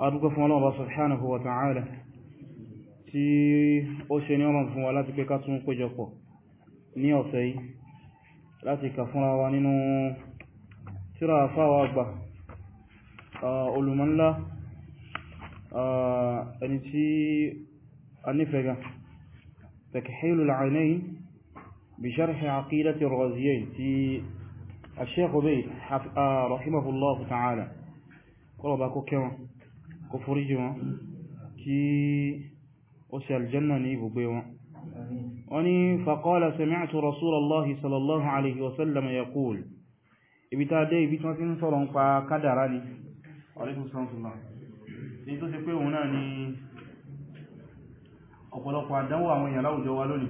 adúgbò fún ọlọ́ọ̀bá subhanahu wa ta'ala tí ó ṣe ní ọmọ fún wa láti pé ká tún péjọpọ̀ ní ọ̀sẹ̀ yìí láti kà fúnra wa nínú tírà fáwà àgbà olùmọ́nlá ẹni tí a nífẹ̀ẹ́gà تكحيل العينين بشرح عقيدة الرازيين في الشيخ بي رحمه الله تعالى قال كمان kó foríjì wọn kí ó ṣe aljanna ní ibùgbé wọn wọ́n ni faqala sami'tu rasulallahi sallallahu alaihi wasallam yaqul ibi ta dé ibi tí wọ́n ti ń sọ̀rọ̀ ń pa kádàrá ni alaikum sọ́nsùnmá ní tó ṣe pé òun náà ni ọ̀pọ̀lọpọ̀ àdánwò àwọn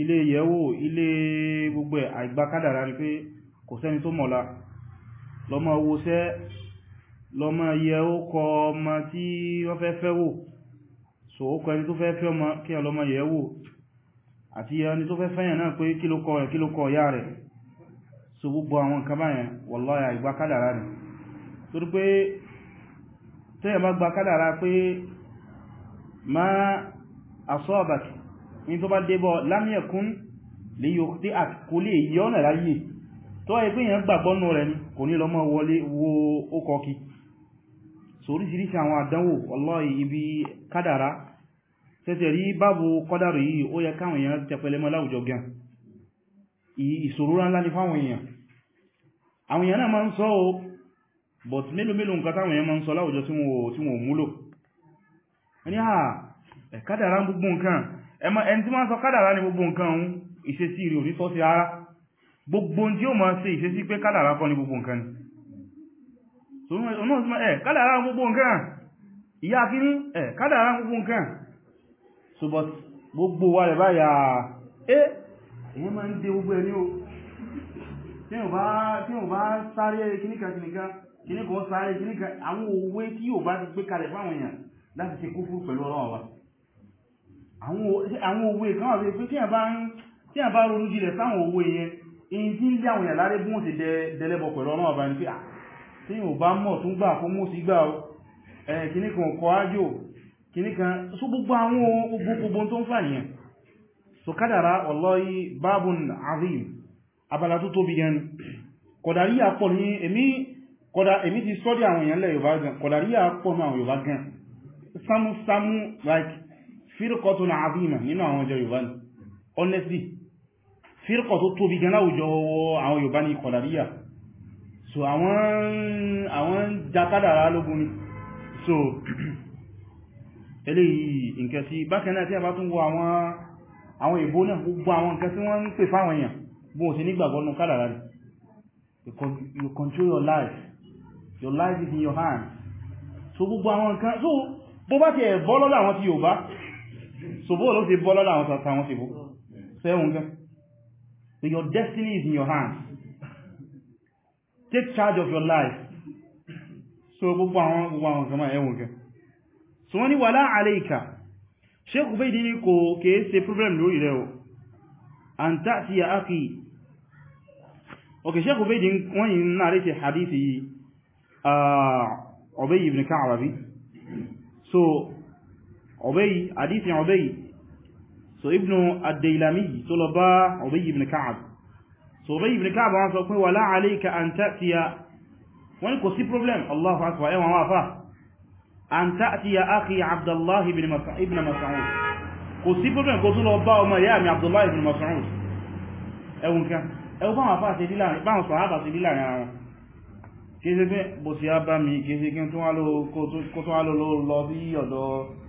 ilé yẹ̀wò ilé gbogbo ẹ̀ àìgbàkádàrà ni pé kò sẹ́ni tó mọ̀lá lọ́mọ wọ́sẹ́ lọ́mọ yẹ ó kọ ọmọ tí wọ́n fẹ́ fẹ́ so ó kọ ẹni tó fẹ́ fẹ́ ọmọ kí ọlọ́mọ yẹ wò àti ẹni tó fẹ́ fẹ́yàn náà pé kí ló kọ ẹ̀ kí ló kọ ìyá rẹ̀ so gbogbo àwọn nǹkan báyẹn ma asabaki ní tó bá débọ̀ lámíẹ̀kún lè yóò tí a kò lè yọ́nà láyé tó wáyé pé èyàn gbàgbọ́nù rẹ̀ ní kò ní lọ́mọ wọlé wo ó kọkí àwọn àdánwò wallahi ibi kádàrá tẹ́tẹ̀ rí báàbù kọ́dàrù yìí ó yẹ káwọn èèyàn tẹpẹlẹmọ láwùjọ gan ìṣòro ni fáwọn èèyàn àwọn èèyàn náà máa ń sọ o but mélòó mélòó nǹkan táwọn èèyàn máa ń sọ gbogbo nǹkan ẹmọ ẹni tí wọ́n sọ kádàrá ní gbogbo nǹkan ohun ìṣesí rí orí sọ sí ara gbogbo tí ó máa ṣe ìṣesí pé kádàrá kọ́ ní gbogbo nǹkan ni so náà sí ma ẹ̀ kádàrá gbogbo nǹkan ìyá kíní ẹ̀ kádàrá gbogbo nǹkan so but gbogbo wa rẹ̀ báyà ẹ́ èyàn máa ń dé gbogbo ẹni o tí ò bá sáré kíníkà kíníkà kíníkà sáré kíníkà àwọn òwe tí yóò bá ti gbé kalẹ̀ fáwọn èèyàn láti ṣe kúfúrú pẹ̀lú ọlọ́wọ́ àwọn òwe kan wà pé tí a bá ronú jílẹ̀ sáwọn òwe yẹn in tí ń yàwọn yà láré bún ti dẹlẹ́bọ̀ pẹ̀lú ọmọ ọba ní pé à tí yíò bá mọ̀ tún gbà fún mú sí gbà kìníkan kọ ájò kìníkan só gbogbo àwọn gbogbo tó ń fàyàn so kádàrá wallahi babun azim abala tó tóbi gan kọ̀dàríyà pọ̀ ní èmi kọ̀dà èmi ti sọ́dí àwọn èèyàn lẹ́ Yorùbá gan kọ̀dàríyà pọ̀ ní àwọn Yorùbá gan samu samu like fírkọtún àbímà nínú àwọn ọjọ́ Yorùbá ni honestly fírkọ tó tóbi gan láwùjọ àwọn Yorùbá ni kọ̀dàríyà so àwọn jakádàrá lógún ni so eléyìí nǹkan sí bákan náà tí a bá tún wo àwọn ìbò náà gbogbo àwọn nǹkan tí wọ́n ń pè fáwọn èèyàn bó ṣe nígbàgbọ́ nù kádàrá rẹ̀ you control your life your life is in your hands so gbogbo àwọn nǹkan so bó bá ti ẹ̀ bọ́ àwọn ti Yorùbá so bó ló ti bọ́ lọ́dọ̀ àwọn sàtà wọn ti bó hmm. sẹ́wọ̀n gan so your destiny is in your hands take charge of your life so gbogbo àwọn gbogbo àwọn kan máa ẹwọ̀n gan so wọ́n wala wà Sheikh ìkà ṣékù bẹ́ ìdíní kò problem lórí rẹ̀ o and that ya aki ok Sheikh bẹ́ ìdíní wọ́n yìí náà rẹ̀ ṣe hadith yìí ọ̀bẹ́ ah, ibn Ka'b so Ubay hadith Ubay so ibnu ad-Daylami tó lọ bá Ubay ibn Ka'ab so Ubay ibn Ka'ab wọ́n sọ pé wala alayka an ta'tiya wọ́n kò sí problem Allahu akbar ẹwọ̀n wà fà an ta'tiya akhi Abdullah ibn kò sí problem kò tún lọ bá ọmọ ìyá mi Abdullah ibn Mas'ud ẹwùn kan ẹwùn báwọn afá àti ìdílàrin báwọn sàhábà àti ìdílàrin ara wọn kí é sí pé bó ti kí é sí wá lọ lọ sí ọ̀dọ̀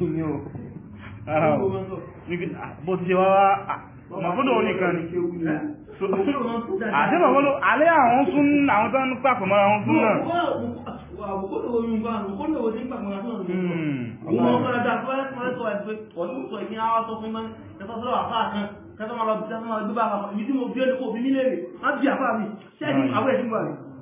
ní o ara o bó ti ṣe wá wá màbúdó oníkan ni àti màbúdó alẹ́ àwọn sún àwọn tó ń pàpọ̀ mọ́ àwọn sún náà àwòkódò oyún bá àwòkódò owó ní gbàgbọ́n àtọ́ ìlú ọmọ ọmọ ọ̀dá tó wáyé tó sọ ẹ̀fẹ́ ọdún sọ ìpín àwọn sọ fún mọ́ni ẹ̀fọ́ sọ́rọ̀ àfáà kan kẹta máa lọ bí sẹ́fún máa gbé bá àpapọ̀ ìdí mo bí ẹni kò fi nílé rẹ̀ má bí àfáà mi ṣẹ́ni àwọn ẹ̀dínwó rẹ̀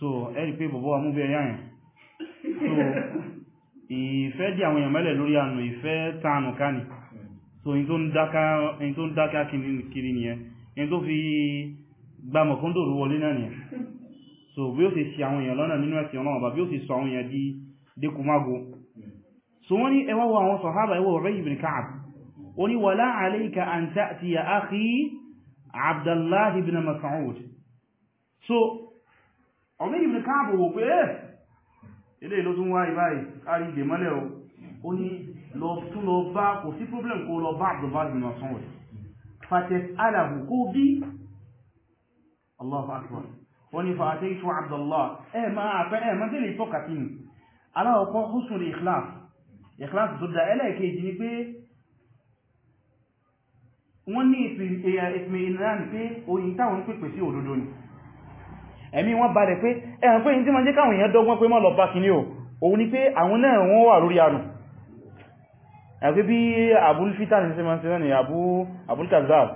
so ẹ̀rì pé bọ̀bọ̀ amúbẹ̀ yáyìn so ìfẹ́ dí àwọn èèyàn mẹ́lẹ̀ lórí ànù ìfẹ́ tàànù káni so in tó ń dáká kiri nìyẹn in tó fi gbàmọ̀ kóndòrò wọlé náà nìyẹn so bí ó sì ṣe àwọn èèyàn lọ́nà nínú ẹ̀sìn ọlọ́run bá bí ó sì sọ àwọn èèyàn di dékùmágo so wọ́n ní ẹwà wọ àwọn sọ̀hábà ẹwà ọ̀rẹ́ ibn Ka'ab ó ní wala alayka an ta'tiya akhi Abdullah ibn Mas'ud so ọmọ ìbìnì káàbù wò pé ilé eh, ìlú tún wá ìbáyìí kárí ìdè mọ́lẹ̀ o ó ní lọ tún lọ bá kò sí problem kó lọ bá abdullahi bin masan wẹ̀ fates alahu kó bí allahu akbar wọ́n ni fàáté ìṣù abdullah ẹ máa àpẹ ẹ máa délé tọ́ka sí ni aláwọ̀kọ́ húsùn ikhlas ikhlas tó da ní pé oyin táwọn pèpè sí òdodo ni ẹ̀mí wọn balẹ̀ pé ẹ̀hàn pé tí ma jẹ́ káwọn èèyàn dọ́gbọ́n pé mọ́ lọ bá kìíní o òun ni pé àwọn náà wọ́n wà lórí àrùn ẹ̀fẹ́ bí abúlfítà ní sí ma ń ṣe náà ni abúlkazab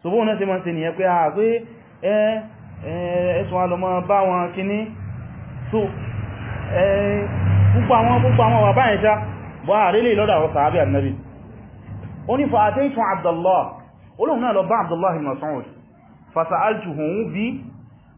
so bóun náà sí ma ń ṣe ni ẹ pé a pé ẹ̀ẹ́sùn alọ́mọ bá wọn kìíní so púpọ̀ àwọn púpọ̀ àwọn wà báyìí bi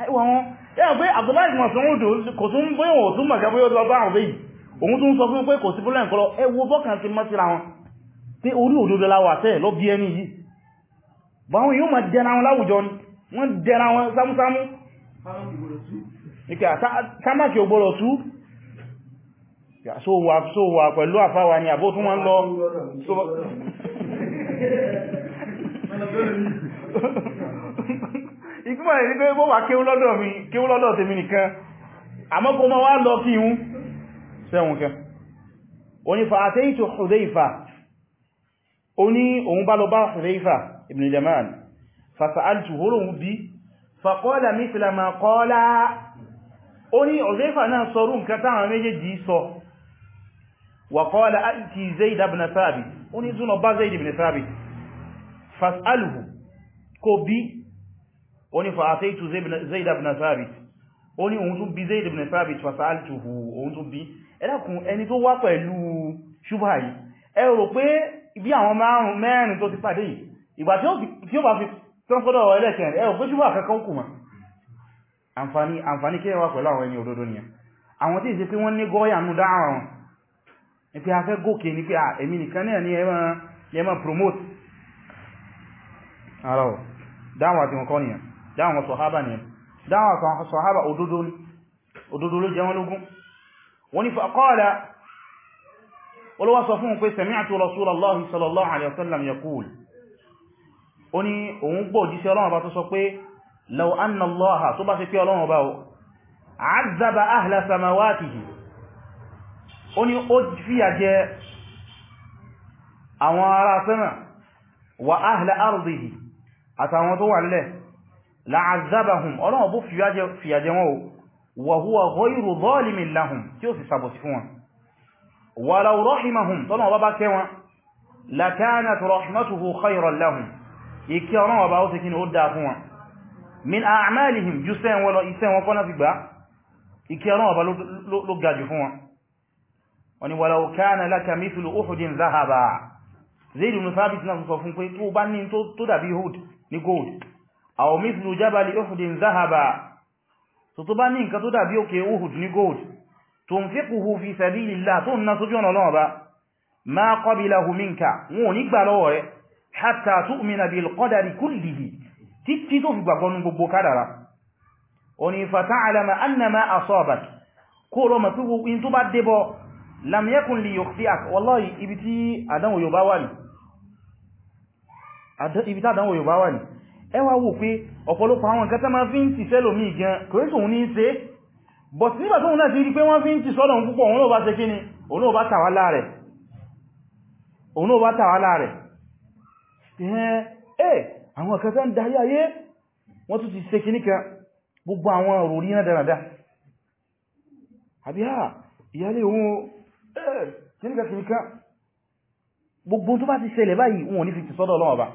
àìwọ̀n wọn yẹ́ pé Abdullahi Mas'ud kò tún bóyá wọ́n tún màgá bóyá lọ bá àwọn bẹ́yìí òun tún sọ fún pé kò sí problem kọlọ ẹwọ bọ́kàn ti mọ́ síra wọn pé orí òdodo láwà tẹ́ lọ bí ẹni yìí báwọn yóò máa dẹra wọn láwùjọ ni wọ́n dẹra wọn sámúsámú sámàkì ògbọ́rọ̀ tú so wà pẹ̀lú àfáwà ni àbó tún wọ́n lọ ìtumọ̀ rẹ̀ ní pé bó wà kéwú lọ́dọ̀ mi kéwú lọ́dọ̀ tèmi nìkan àmọ́ kó mọ́ wá lọ kí ihun sẹ́wọ̀n kẹ oní fàátẹ́ ìtò Hudhayfa oní òun bá lọ bá Hudhayfa ibn al-Yaman fasa'altu hóòrùn bí faqala mithla ma qala oni ní fa'ataitu zaid ibn thabit ó ní òun tún bí zaid ibn thabit fasaltuhu òun tún bi ẹlẹ́kùn ẹni tó wá pẹ̀lú ṣubha yìí ẹ rò pé bí àwọn márùn mẹ́rin tó ti pàdé yìí ìgbà tí ó bá fi tọ́nkọ́dọ̀ ẹlẹ́kẹ̀ẹ́ ẹ rò pé ṣubha kankan kù mọ́ àǹfààní àǹfààní kí wá pẹ̀lú àwọn ẹni òdodo ni àwọn tí ìṣe pé wọ́n ní gọ́ọ̀yà nù dáhà wọn ni pé a fẹ́ gòkè ni pé èmi nìkan náà ni ẹ máa promote ara ọ̀ dáhà àti kọ́ nìyàn dáwọn sọ̀hábà ni dáwọn sọ̀hábà òdodo ló jẹ wọn lógún wọ́n ni faqala olówá sọ fún pé sami'tu rasulallahi sallallahu alaihi wasallam yaqul ó ní òun gbọ́ òjíṣẹ́ ọlọ́wọ́ bá tó sọ pé law anna allaha tó bá fi pé ọlọ́wọ́ bá o azaba jẹ àwọn ará sánà wa ahla ardihi àtàwọn tó wà lẹ́ la'azabahum ọlọ́wọ́ bó fìyàjẹ wọn o wa huwa ghayru zalimin lahum tí ó sì sàbòsí fún wọn wa law rahimahum tọ́nà ọba bá kẹ́ wọn lakanat rahmatuhu khayran lahum ikẹ́ ọlọ́wọ́ bá ó sì kíni ó dáa fún wọn min a'malihim ju sẹ́n wọn lọ isẹ́ wọn kọ́nà fi gbá ikẹ́ gold aw mithlu jabal uhud dhahaba so tó bá ní nǹkan tó dàbí òkè uhud ní gold tunfiquhu fi sabilillah tó ná sójú ọ̀nà Ọlọ́run ba ma qabilahu minka wọ́n ní gbà lọ́wọ́ rẹ̀ hatta tu'mina bil qadari kullihi títí tó fi gbàgbọ́ nínú gbogbo kádàrá adan wo ba wa ni ẹ wá wò pé ọ̀pọ̀lọpọ̀ àwọn nǹkan tá ma fi ń ti sẹ́lòmí gan kòrítò òun ní í ṣe but nígbà tó náà ti rí pé wọ́n fi ń ti sọ́dọ̀ òun púpọ̀ òun ó bá ṣe kíni òun ó bá tàwálà rẹ̀ òun ó bá tàwálà rẹ̀ ẹ̀ eh, àwọn kan tán darí ayé wọ́n tún ti ṣe kíní kan gbogbo àwọn òròrí náà dáradá àbí ha ah, ìyálé òun ẹ̀ eh, kíníkà kíníkà gbogbo tó bá ti ṣẹlẹ̀ báyìí wọn ò ní fi ti sọ́dọ̀ ọlọ́wọ́ bá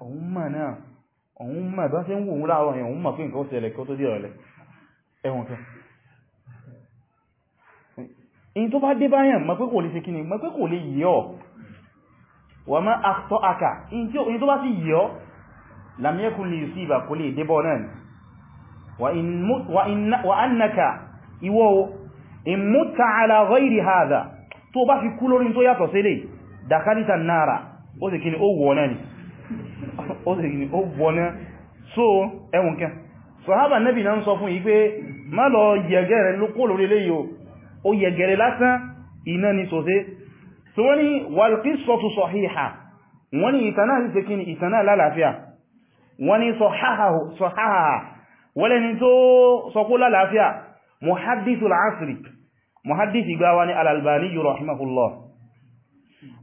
òun mọ̀ náà òun mọ̀ bá ṣe ń wòun láàárọ̀ yẹn òun mọ̀ pé nǹkan ó ṣẹlẹ̀ kí ó tó dé ọ̀lẹ̀ ẹ̀wọ̀n kan in tó bá dé báyàn mọ̀ pé kò lè ṣe kíni mọ̀ pé kò lè yẹ ọ́ wà má àtọ́ àkà in tó bá sì yẹ ọ́ lamẹ́kùn lè sí ìbà kò lè ó sì ní ó wọ́ná so ẹwùn kẹ sọ̀hábà nẹ́bì náà ń sọ fún yí pé má lọ yẹ̀gẹ̀rẹ̀ ló kó lórí eléyìí ó yẹ̀gẹ̀rẹ̀ lásán iná ni sòsé so wọ́n ni walqisatu sahiha wọ́n ni ìtànà sí kí ni ìtànà lálàáfíà wọ́n ni sọ̀háhà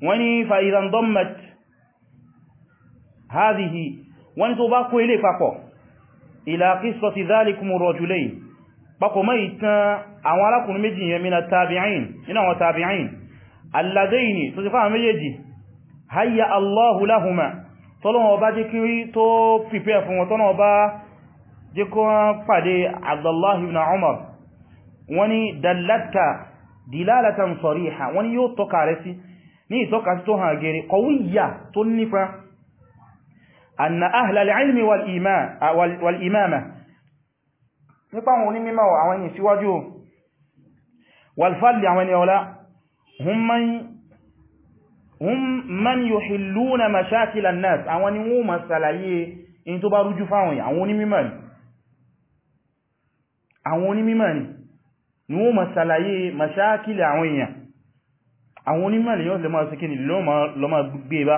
wọ́lẹ̀ fa idha dammat hadhihi wọ́n ní tó bá kó ilé papọ̀ ila qissati dhalikum rajulayn papọ̀ mọ́ ìtàn àwọn arákùnrin méjì yẹn mina tabi'in nínú àwọn tabi'in alladayni tó ti fáwọn méjèèjì hayya allahu lahuma tọ́lọ́wọ́ bá jẹ́ kí tó pípẹ́ fún wọn tọ́lọ́wọ́ bá jẹ́ kó pàdé abdullahi ibn umar wani dallatka dilalatan sariha wani yóò tọ́ka rẹ̀ sí ní ìtọ́ka sí tó hàn gẹ̀rẹ̀ kọwíyà tó nípa أن أهل العلم والإيمان والإمامة نقوم ونمما وعواني سواجه والفضل عواني أولا هم من هم من يحلون مشاكل الناس عواني وما سلايي in tó bá rújú fáwọn àwọn onímímọ̀ ni àwọn onímímọ̀ ni ni wọ́n ma sàlàyé maṣákìlẹ̀ àwọn èèyàn àwọn onímọ̀ lè yọ́ lè máa síkí ni lọ́mà gbé bá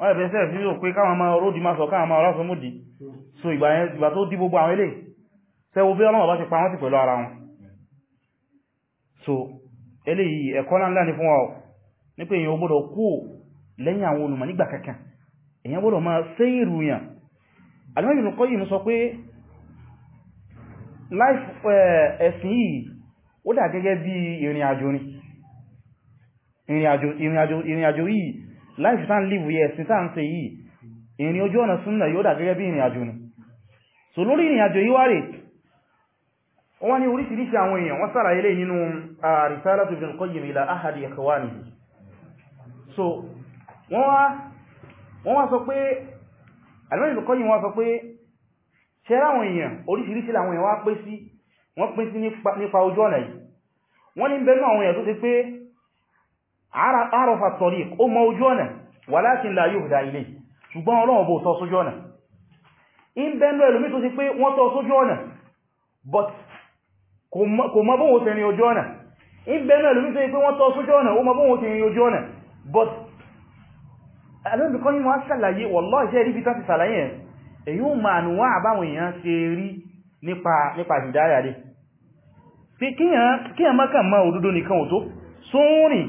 wọ́n ẹ̀bẹ̀ sẹ́ẹ̀ fi rò pé káwọn ọmọ ródì máa sọ káwọn ọmọ ọlọ́sọ múdì so ìgbà tó dí gbogbo àwọn ilé sẹ́wọ́ bí ọlọ́wọ́ bá ti pa wọ́n ti pẹ̀lú ara wọn so eléyìí ẹ̀kọ́ ńlá ní fún wa ní pé èyàn eh, yìí life tán live yẹ sí tán ṣe yìí ìrìn ojú ọ̀nà súnnà yóò dà gẹ́gẹ́ bí ìrìn àjò ni so lórí ìrìn àjò yíwá rẹ̀ wọ́n ní oríṣiríṣi àwọn èèyàn wọ́n sára ilé nínú risalatu Ibn Qayyim ila ahadi ikhwanihi so wọ́n wá sọ pé alimọ́ni Ibn Qayyim wá sọ pé ṣẹ́ráwọn èèyàn oríṣiríṣi làwọn èèyàn wá pé sí wọ́n pín sí nípa ojú ọ̀nà yìí wọ́n ní bẹ́ẹ̀ náà àwọn èèyàn tó ti pé àrọ̀fà tọ̀rí ó mọ ojú ọ̀nà walakin la yuhda ilay ṣùgbọ́n ọlọ́run bó tọ́ sójú ọ̀nà in bẹ́nu ẹlòmí tó sì pé wọ́n tọ́ sójú ọ̀nà but kò mọ bóhun tẹ̀rin ojú ọ̀nà in bẹ́nu ẹlòmí tó sì pé wọ́n tọ́ sójú ọ̀nà ó mọ bóhun tẹ̀rin ojú ọ̀nà but alóbìkọ́ yí wọ́n sàlàyé wọ́lọ́ iṣẹ́ rí bí tán ti sàlàyé ẹ̀ èyí ó ma nù wọ́n àbáwọn èèyàn ṣe rí nípa ìdáyà dé pé kíyàn mọ́kàn mọ́ òdodo nìkan ò tó sóòrìn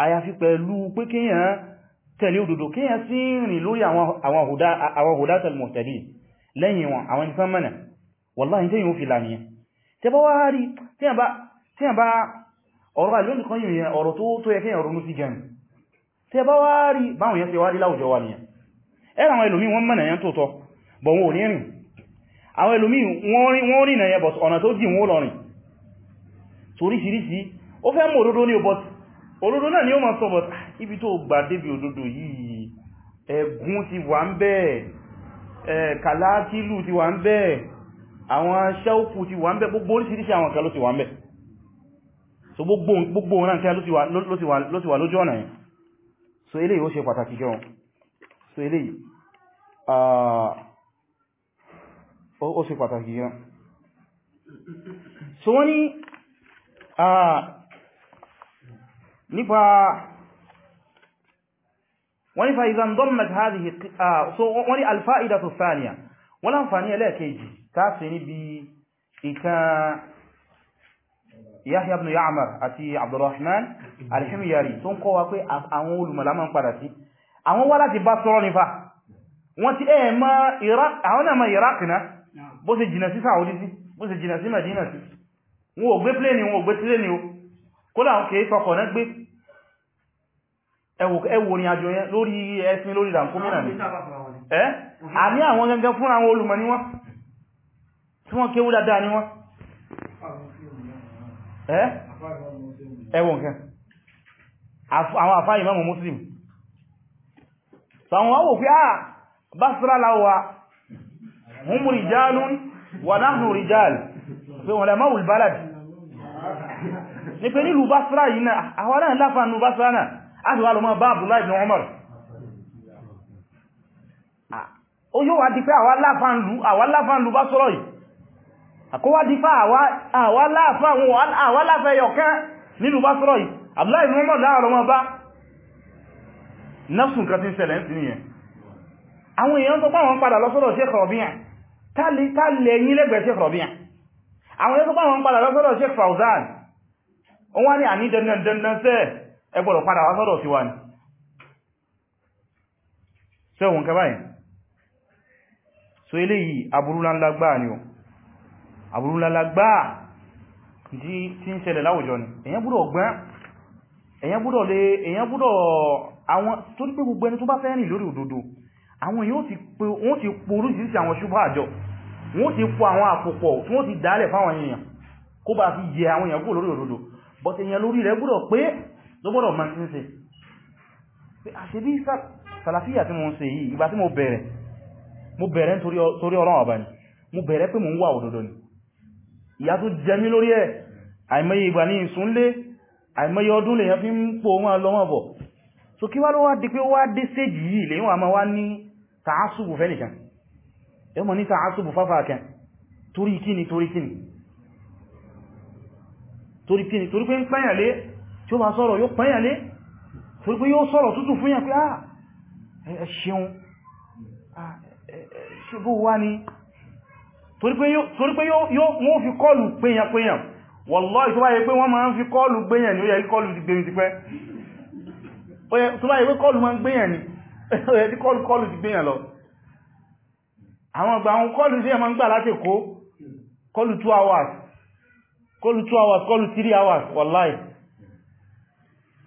àyàfi pẹ̀lú pé kíyàn tẹ̀lé òdodo kíyàn sí rìn lórí àwọn hudatul muhtadin lẹ́yìn wọn àwọn ẹni sánmọ̀nà wallahi tẹ́yìn ó fi lànìyàn tẹ́ bá wá rí tẹ́yàn bá ọ̀rọ̀ àlónì kan yìí ọ̀rọ̀ tó tó yẹ kíyàn ronú sí gan tẹ́ bá wá rí báwọn yẹn ṣe wá rí láwùjọ wa nìyàn ẹ̀rọ àwọn ẹlòmí wọn mọ̀nà yẹn tó òdodo náà ni ó ma sọ bọ̀ ah, ibi tó gbà débi òdodo yìí ẹ̀gún ti wà ń bẹ́ẹ̀ kàlákìlù ti wà ń bẹ́ẹ̀ àwọn ṣẹ́ọ̀fù ti wà ń bẹ́ẹ̀ gbogbo oríṣiríṣi àwọn kan ló ti wà ń bẹ́ẹ̀ so gbogbo ọ̀nà nǹkan ló ti wà lójú ọ̀nà yìí so eléyìí ó ṣe pàtàkì gan so eléyìí ó ṣe pàtàkì gan so wọ́n ni nípa wọ́n ní fa'izan dọ́mmat hadhihi ah, so wọ́n ní alfa'ida tó sáàniya wọ́n láǹfàní ẹlẹ́ẹ̀kejì ta fi níbi ìkan yahya ibn ya'mar àti abdurrahman alhimyari tó ń kọ́ wa pé àwọn olùmọ̀lámọ́ ń padà sí àwọn wá láti bá sọ́rọ̀ nífà wọ́n ti ẹ̀ẹ̀mọ́ eh, àwọn náà iraq náà bó ṣe jìnà sí saudi sí bó ṣe ẹwò ní àjò yẹn lórí ẹ̀sìn lórí ìdàmkómìnà ní ẹ́ àmì àwọn gẹ́gẹ́ fún àwọn olùmọ̀ ní wọ́n tí wọ́n kéwú dáadáa ní wọ́n ẹ́ ẹwọ̀n kẹ́ àwọn àfá ìmáàmù Muslim sàwọn wọ́n wò pé àà ah, Basra láwà hum rijalun wa nahnu rijal pé Basra yìí náà àwọn náà láfà nù Basra náà àti wà lọ máa bá Abdullahi ibn Umar ó yóò wá di pé àwa láfàánlú bá sọ́rọ̀ yìí àkówá di pé àwa láfàánlú yọ̀kẹ́ nínú bá sọ́rọ̀ yìí Abdullahi ibn Umar láàrọ̀ máa bá nafsun kan ti ṣẹlẹ̀ ń sí nìyẹn àwọn èèyàn tó pàwọn padà lọ sọ́rọ̀ Sheikh Rabi' tàlẹ̀ yín lẹ́gbẹ̀ẹ́ Sheikh Rabi' àwọn èèyàn tó pàwọn padà lọ sọ́rọ̀ Sheikh Fawzan wọ́n wá ní àní dandandandan ẹgbọ́dọ̀ padà wá sọ́dọ̀ tiwa ni sẹ́wọ̀n kẹ báyìí so eléyìí aburúlálágbà ni o aburúlálágbà tí tí ń ṣẹlẹ̀ láwùjọ ni èyàn búrò ọgbẹ́ èyàn búrò lè èyàn búrò àwọn tó ní pé gbogbo ẹni tó bá fẹ́ rìn lórí òdodo àwọn èyàn wọ́n ti po oríṣiríṣi àwọn ṣubú àjọ wọ́n ti po àwọn àpòpọ̀ tí wọ́n ti dálẹ̀ fáwọn èèyàn kó bá fi yẹ àwọn èèyàn kúrò lórí òdodo but èèyàn lórí rẹ̀ gbúdọ̀ pé lọ́gbọ́dọ̀ ma ti ń ṣe pé àṣebí sàlàfíà tí mo ń ṣe yìí ìgbà tí mo bẹ̀rẹ̀ mo bẹ̀rẹ̀ torí ọ̀rọ̀ ọ̀bá ni mo bẹ̀rẹ̀ pé mo ń wà òdodo ni ìyà tó jẹ mí lórí ẹ̀ àìmọye ìgbà ní ìsúnlé àìmọye ọdún lèyàn fi ń pò wọn lọ wọn bọ̀ so kí wá ló wá di pé wá dé séjì yìí lèyàn torí kíni torí torí pé ń pẹ́yàn lé tí ó máa sọ̀rọ̀ yóò pẹ́yà lé torí pé yóò sọ̀rọ̀ tútù fún yàn pé ah ẹ̀ṣẹun ah, ṣubú wá ní torí pé yóò fi kọlù péyàn péyàn wallahi tó pé wọ́n máa ń fi kọlù gbéyàn ní ó yẹ hours kọlù 2 hours hours wallahi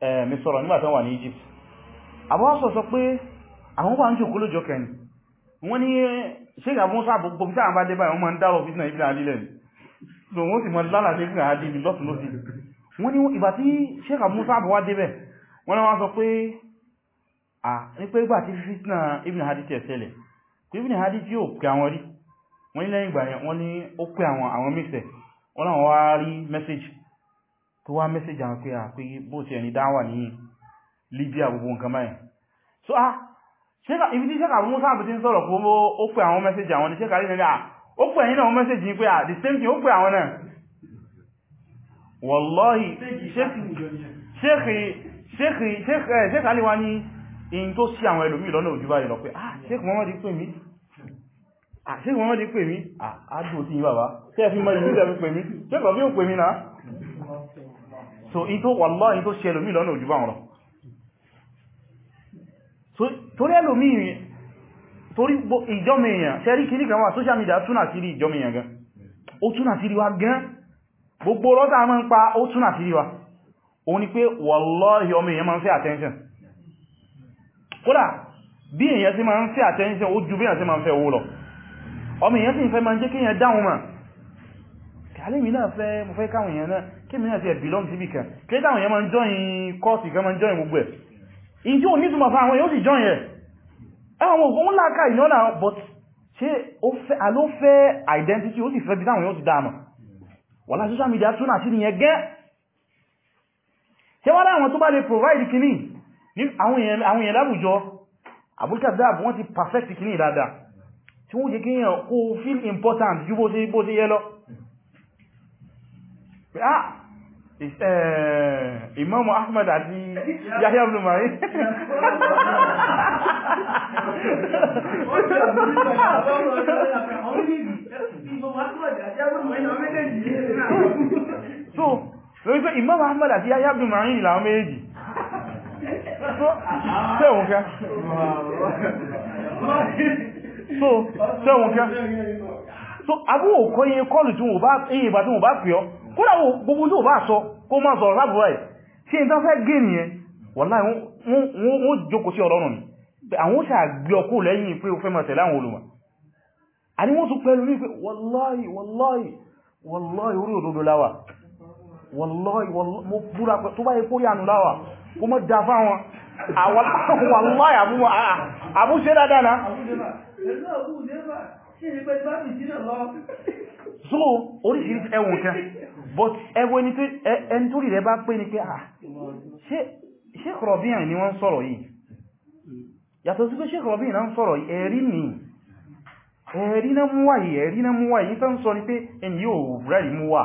misọ̀rọ̀ nígbàtán wà ní Egypt àbúwásọ̀ sọ pé àwọn wà ń jòkó lójọ kẹni wọ́n ní ṣéga fún sáàbò gbogbo tí a bá dé báyìí wọ́n máa ń dárò fitna ibn Ali lẹ́nu so wọ́n sì mọ́ lálà sí ibn Ali ní lọ́tún lọ́sí wọ́n ní ìgbà tí ṣéga fún sáàbò wá débẹ̀ wọ́n wá sọ pé à ní pé ìgbà tí fitna ibn Ali tẹ̀ ṣẹlẹ̀ pé ibn Ali tí ó pẹ àwọn rí wọ́n ní lẹ́yìn ìgbà yẹn wọ́n ní ó pẹ àwọn àwọn mẹ́sẹ̀ wọ́n láwọn wá rí mẹ́sẹ̀jì tó wá mẹ́sẹ̀jì àwọn pé àpé bó ti ẹni dáwà ní Libya gbogbo nǹkan báyìí so ah ṣéka ibi tí ṣéka mú sáàbù tí ń sọ̀rọ̀ fún ó pè àwọn mẹ́sẹ̀jì àwọn ní ṣéka lílẹ̀ ó pè ẹ̀yìn náà mẹ́sẹ̀jì pé à the same thing ó pè àwọn náà wallahi ṣéka lè wá ní in tó sí àwọn ẹlòmí lọ́nà ojú báyìí lọ pé ah ṣéka mọ́mọ́dé pè mí ah ṣéka mọ́mọ́dé pè mí ah adùn tí yí bàbá tẹ́ẹ̀ fi mọ́ ìlú ìdẹ̀ fi pè mí ṣéka fi ó pè mí náà so in tó wallahi in tó lona ẹlòmí lọ́nà òjú bá wọn lọ torí ẹlòmí torí ìjọmọ̀ èèyàn ṣẹ́rí kìí social media túnà sí rí gan o gan gbogbo rọ́ta mọ́ ń pa o túnà o wa ni pe wallahi ọmọ èèyàn máa ń attention kódà bi eyan sí ma n fẹ́ attention ó ju bí èèyàn sí máa ń fẹ́ owó lọ ọmọ èèyàn sì ń fẹ́ máa jẹ́ kí dáhùn kí mi náà ti ẹ̀bìlọ́m sí bí kan kí táwọn èèyàn máa ń jọyìn kọ́ọ̀sì kan máa ń jọyìn gbogbo ẹ̀ in tí ó ní túnmọ̀ fún àwọn èèyàn sì jọyìn ẹ̀ ẹwọ̀n ogun láàká ìyọ́nà but ṣe aló fẹ́ identity ó sì fẹ́ bí táwọn èèyàn ti dáàmà wà lá social media tún àti nìyẹn gẹ́ ṣe wá láwọn tó bá lè provide kìíní ní àwọn èèyàn láwùjọ àbúkàdáàbù wọ́n ti perfect kìíní dáadáa tí wọ́n jẹ́ kí èèyàn kó important ju bó ṣe yẹ lọ pé ah eh, Imam Ahmad àti Yahya ibn Ma'in so lórí pé Imam Ahmad àti Yahya ibn Ma'in ìlàwọn méjì so sẹ́wọ̀n ká so sẹ́wọ̀n ká so abúwò kọ́ iye kọlù tí wọ́n bá pè ọ́ kódà gbogbo tó bá sọ kó má sọ rábù ẹ̀ tí ìta fẹ́ gé nìyẹn wọ́lá wọ́n jókòó sí ọ̀rọ̀ nì àwọn òṣà gbé lẹ́yìn pé o fẹ́ mọ̀ tẹ̀lé àwọn olùmọ̀ àní wọ́n tún pẹ̀lú wípé wallahi wallahi wallahi orí òdodo ẹwùn kan but ẹwọ ẹni tó rí rẹ bá pé ní pé ah Sheikh Rabi' ni wọ́n sọ̀rọ̀ yìí yàtọ̀ sí pé Sheikh Rabi' náà sọ̀rọ̀ ẹ̀rí ni ẹ̀rí na mú wà yìí ẹ̀rí na mú wà yìí tán sọ ní pé ẹni yóò rẹ̀rí mú wà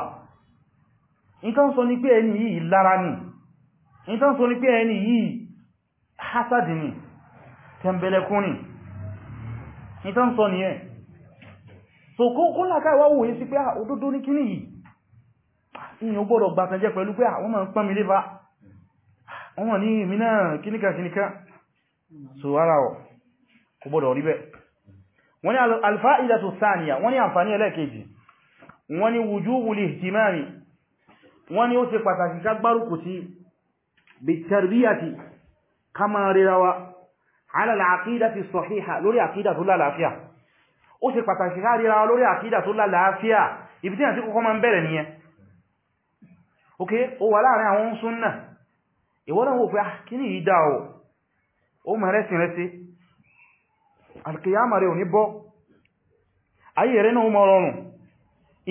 ìtàn sọ ní pé ẹni yìí lára ni ìtàn sọ ní pé ẹni yìí hásàdì ni tẹ̀mbẹ̀lẹ̀kún ni ìtàn sọ so kó kó lákàíwá wòye sí pé ah, òdodo ní kíní ìyìn ó gbọ́dọ̀ gbà tẹ́jẹ́ pẹ̀lú pé àwọn ah, máa ń pán mi léba wọ́n wọ́n ní ìmì náà kíníkà kíníkà so ara ọ̀ kò gbọ́dọ̀ rí bẹ́ wọ́n ní alfa'idatu thaniya wọ́n ní àǹfààní ẹlẹ́ẹ̀kejì wọ́n ní wujubul ihtimami wọ́n ní ó ṣe pàtàkì ká gbárùkù sí bitarbiyati kama rirawa ala al ibi tí a ti kọ́kọ́ máa ń bẹ̀rẹ̀ nìyẹn ok ó wà láàrin àwọn súnnà ìwọ́nà wò pé ah, kíní ìdá ọ̀ ó mọ̀ rẹ́sìn rẹ́sí alkiyama rẹ̀ ò ní bọ́ ayé rẹ̀ náà mọ̀ rọrùn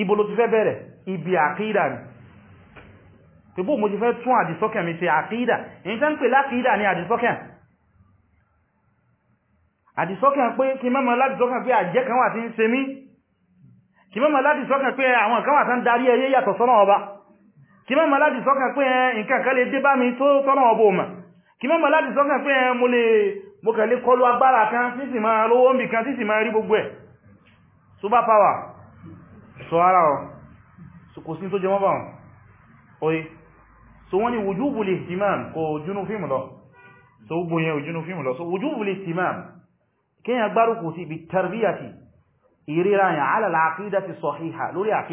ibo ló ti fẹ́ bẹ̀rẹ̀ ibi àkídà ni pẹ̀bú mo ti fẹ́ tún àdìsọ́kẹ̀ mi ti àkídà ní tẹ́ ń pè lákídà ní àdìsọ́kẹ̀ àdìsọ́kẹ̀ pé kí mẹ́mọ̀ ládìsọ́kẹ̀ pé àjẹ́ kan wà tí ń ṣe mí kí kí mọ́ maláti sọ́kàn pé nǹkan kan lè dé bá mi tó tọ́nà ọbọ̀ mà kí mọ́ maláti sọ́kàn pé mo lè mo kàn lè kọlu agbára kan tí sì máa lówó ń bì kan tí sì máa rí gbogbo ẹ̀ super power sọ ara ọ kò sí tó jẹ mọ́ bá wọn oye so wọ́n ni wujubul ihtimam kò jùnú fíìmù lọ so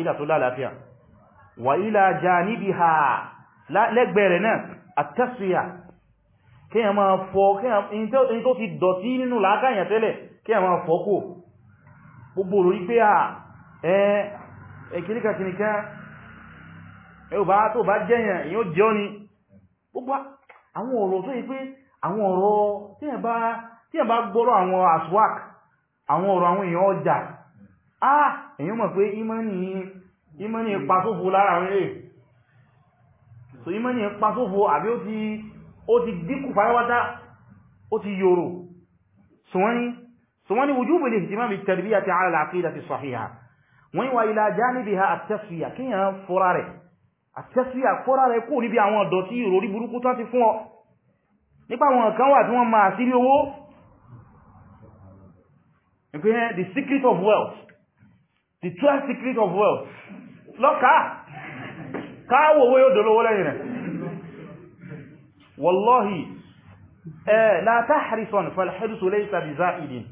gbogbo wà ilá janibiha lẹ́gbẹ̀rẹ̀ náà àtẹ́síyà kí ẹ máa fọ́ in tó ti dọ̀tí nínú làákàyàn tẹ́lẹ̀ kí ẹ máa fọ́ kò gbogbo lórí pé à ẹ kìríkà kìríkà ẹ ò bá tó bá jẹ́yàn yóò jẹ́ ni gbogbo àwọn ọ̀rọ̀ tó yí pé àwọn ọ̀rọ̀ tí ẹ bá gbọ́rọ̀ àwọn aswak àwọn ìmọ̀ ní ipa tó fò lára rẹ̀ so ìmọ̀ ní ipa tó fò àbí ó ti dínkù fàyẹ́wátá ó ti yòrò so wọ́n ni wujub al-ihtimam bit-tarbiyati ala al-aqidati as-sahiha wọ́n ni wa ila janibiha at-tasfiya kíyàn fọ́ra rẹ̀ at-tasfiya fọ́ra rẹ̀ the secret of wealth the 12 secret of wealth lọ́ka káàwò owó yóò dolówó lẹ́yìn rẹ̀ wallahi ẹ̀ la tahrisan falhirsu laysa bi za'idin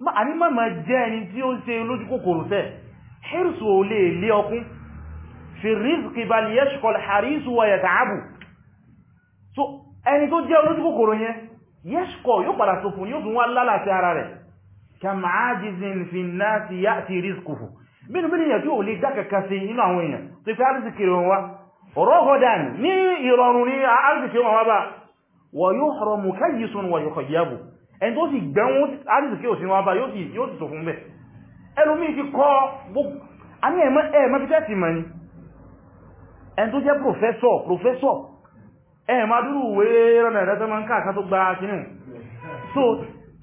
ma a ní ma ma jẹ́ ẹni tí ó ṣe lójú kòkòrò tẹ́ hirsu ò lé ọkún fi rizqi bal yashqal harisu wa so ẹni tó jẹ́ olójú kòkòrò yẹn yashqal yóò padà sọ fún yóò tún wá lálàtí ara mínú mínú yẹ̀ tí ò lè dákẹ̀kẹ́ sí inú àwọn èèyàn tó fi arziki rẹ̀ wá rọ́gọ́dán ní ìrọ̀rùn ní arziki wọn wá bá wọ yóò ọ̀rọ̀ mú káyísun wọ yóò kọ̀yẹ́bù ẹni tó sì gbẹ̀wọ́n arziki òsìn wá bá yóò sì sọ fún bẹ̀ ẹlòmí ti kọ́ àní ẹ̀mọ́ fi tẹ́sì mọ́ ni so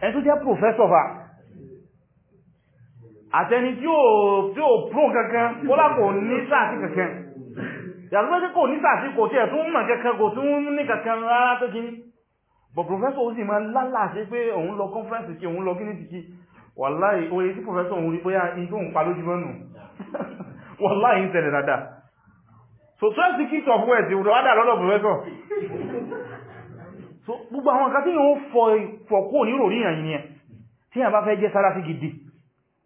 ẹni tó jẹ́ àtẹni tí ó pro kankan ó lákò ní sáàtì kankan yàtọ̀ pé kò ní sáàtì kò tí ẹ̀ tún mọ̀ kankan kò tún ní kankan rárá tó kíní but professor ó sì máa lálàáṣẹ́ pé òun lọ conference kí òun lọ kíní ti kí wàláì oye tí professor òun rí bóyá in tó ń pa lójú mọ́nù wàláì ń tẹ̀lẹ̀ dáadáa so twenty kids of west ìwòdó wádà lọ́dọ̀ professor so gbogbo àwọn kan tí yóò fọ ìfọ̀kú oníròríyàn yìí tí a bá fẹ́ jẹ́ sára sí gidi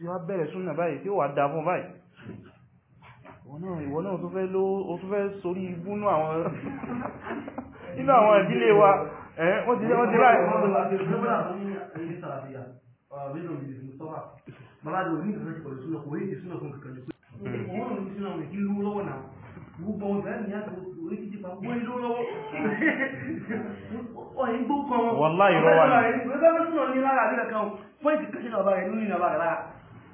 ti wá bẹ̀rẹ̀ súnnà báyìí tí ó wà dá fún báyìí ìwọ náà tó fẹ́ o tó fẹ́ sórí ibúnú àwọn inú àwọn ìdílé wa wọ́n ti wọ́n ti ráì Gbogbo ọ̀dá ni a tó orí ti jípa gbọ́ ìlú lọ́wọ́. Ọ̀yìn gbó kan wọn. Wọ́n láì rọ́wà ní. Ọ̀dá ni a tó orí ti jípa gbọ́ ìlú lọ́wọ́.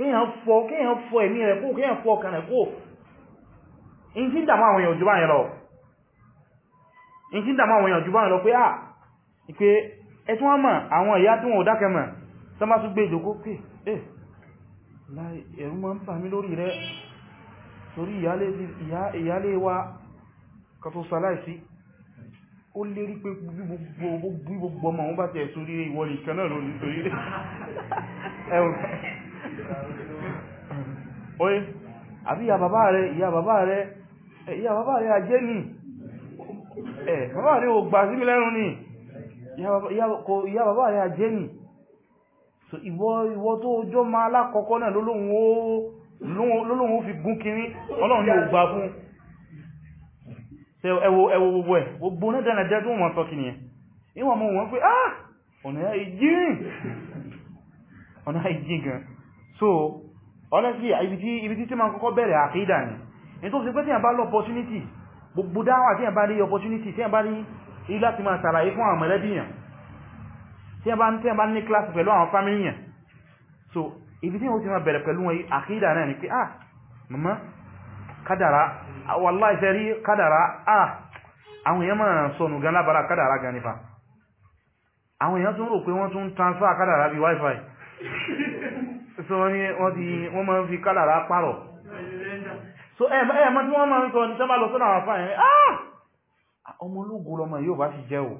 kéèyàn fọ́ kéèyàn fọ́ ẹ̀mí rẹ̀ kó kéèyàn fọ́ ọkàn rẹ̀ kó in tí ń dàmú àwọn èèyàn jù báyìí lọ in tí ń dàmú àwọn èèyàn jù báyìí lọ pé ah ìpé ẹtún wọ́n mọ̀ àwọn ìyá tí wọ́n ò dákẹ́ mọ̀ tó bá tún gbé ìjòkó pé eh ẹ̀rù máa ń bà mí lórí rẹ̀ torí ìyálé wa kàtó sàláìsí ó lérí pé gbogbo ọmọ wọn bá tẹ̀ sórí ìwọlì kan náà lórí ẹ̀rù oye àbí ìyá bàbá rẹ̀ ìyá bàbá rẹ̀ ìyá bàbá rẹ̀ ajé ní ẹ̀ bàbá rẹ̀ ò gbà sí mi lẹ́rùn ní ìyá bàbá rẹ̀ ajé ní so ìwọ tó jọ máa lákọ̀ọ́kọ́ náà lólóhun ó fi gún kiri ọlọ́run ni ò gbà fún ẹwọ gbogbo ẹ̀ gbogbo náà dánadẹ́ tó wọ́n tọ́kì nìyẹn ìwọ̀n mọ̀ wọ́n pé ah ọ̀nà ìjín so honestly ibi tí tí ma kọ́kọ́ bẹ̀rẹ̀ àkídà ni ní tó sì pé tí yàn bá lọ opportunity gbogbo dáwà tí yàn bá rí opportunity tí yàn bá rí rí láti máa sàlàyé fún àwọn mẹ̀lẹ́bìyàn tí a bá ní class pẹ̀lú àwọn family yàn so ibi tí yàn ó ti máa bẹ̀rẹ̀ pẹ̀lú wọn àkídà náà ni pé ah mama kádàrá wallahi ìfẹ́ rí kádàrá ah àwọn èèyàn máa sọnù gan lábára kádàrá gan nípa àwọn èèyàn tún rò pé wọ́n tún transfer kádàrá bí wifi so wọ́n ní wọ́n ti wọ́n máa ń fi kádàrá pààrọ̀ so ẹ̀mọ́ tí wọ́n máa ń sọ ní sọ́bà lọ sọ́nà àfà ẹ̀ ọmọ ológun lọmọ yóò bá ti jẹ́ o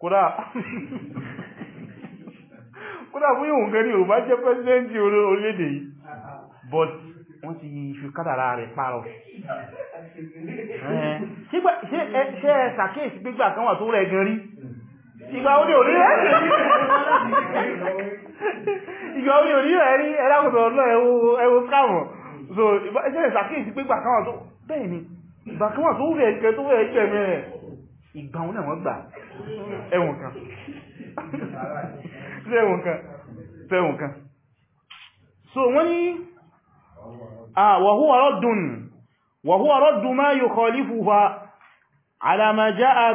kódà fún ìhùn gẹ́rí ò bá jẹ́ pẹ́sidẹ́ntì orílẹ̀-èdè yìí but wọ́n ti fi kádàrá rẹ̀ pààrọ̀ ṣe ẹ̀ sàkíyèsí gbígbà kan wà tó rẹ̀ gan rí ìgbà orí òní rẹ̀ ìgbà orí òní rẹ̀ rí ẹlákùnrin ọ̀nà ẹwọ skáàmù so ẹjẹ́ ìsàkíyèsí pé gbàkánwà tó bẹ́ẹ̀ ni gbàkánwà tó rẹ̀ ẹ̀kẹ́ tó rẹ̀ ẹ̀kẹ́ mẹ́rẹ̀ ìgbà wọn náà wọ́n gbà ẹ̀wọ̀n kan so wọ́n ní wa huwa raddun wa huwa raddu ma yukhalifuha ala ma jaa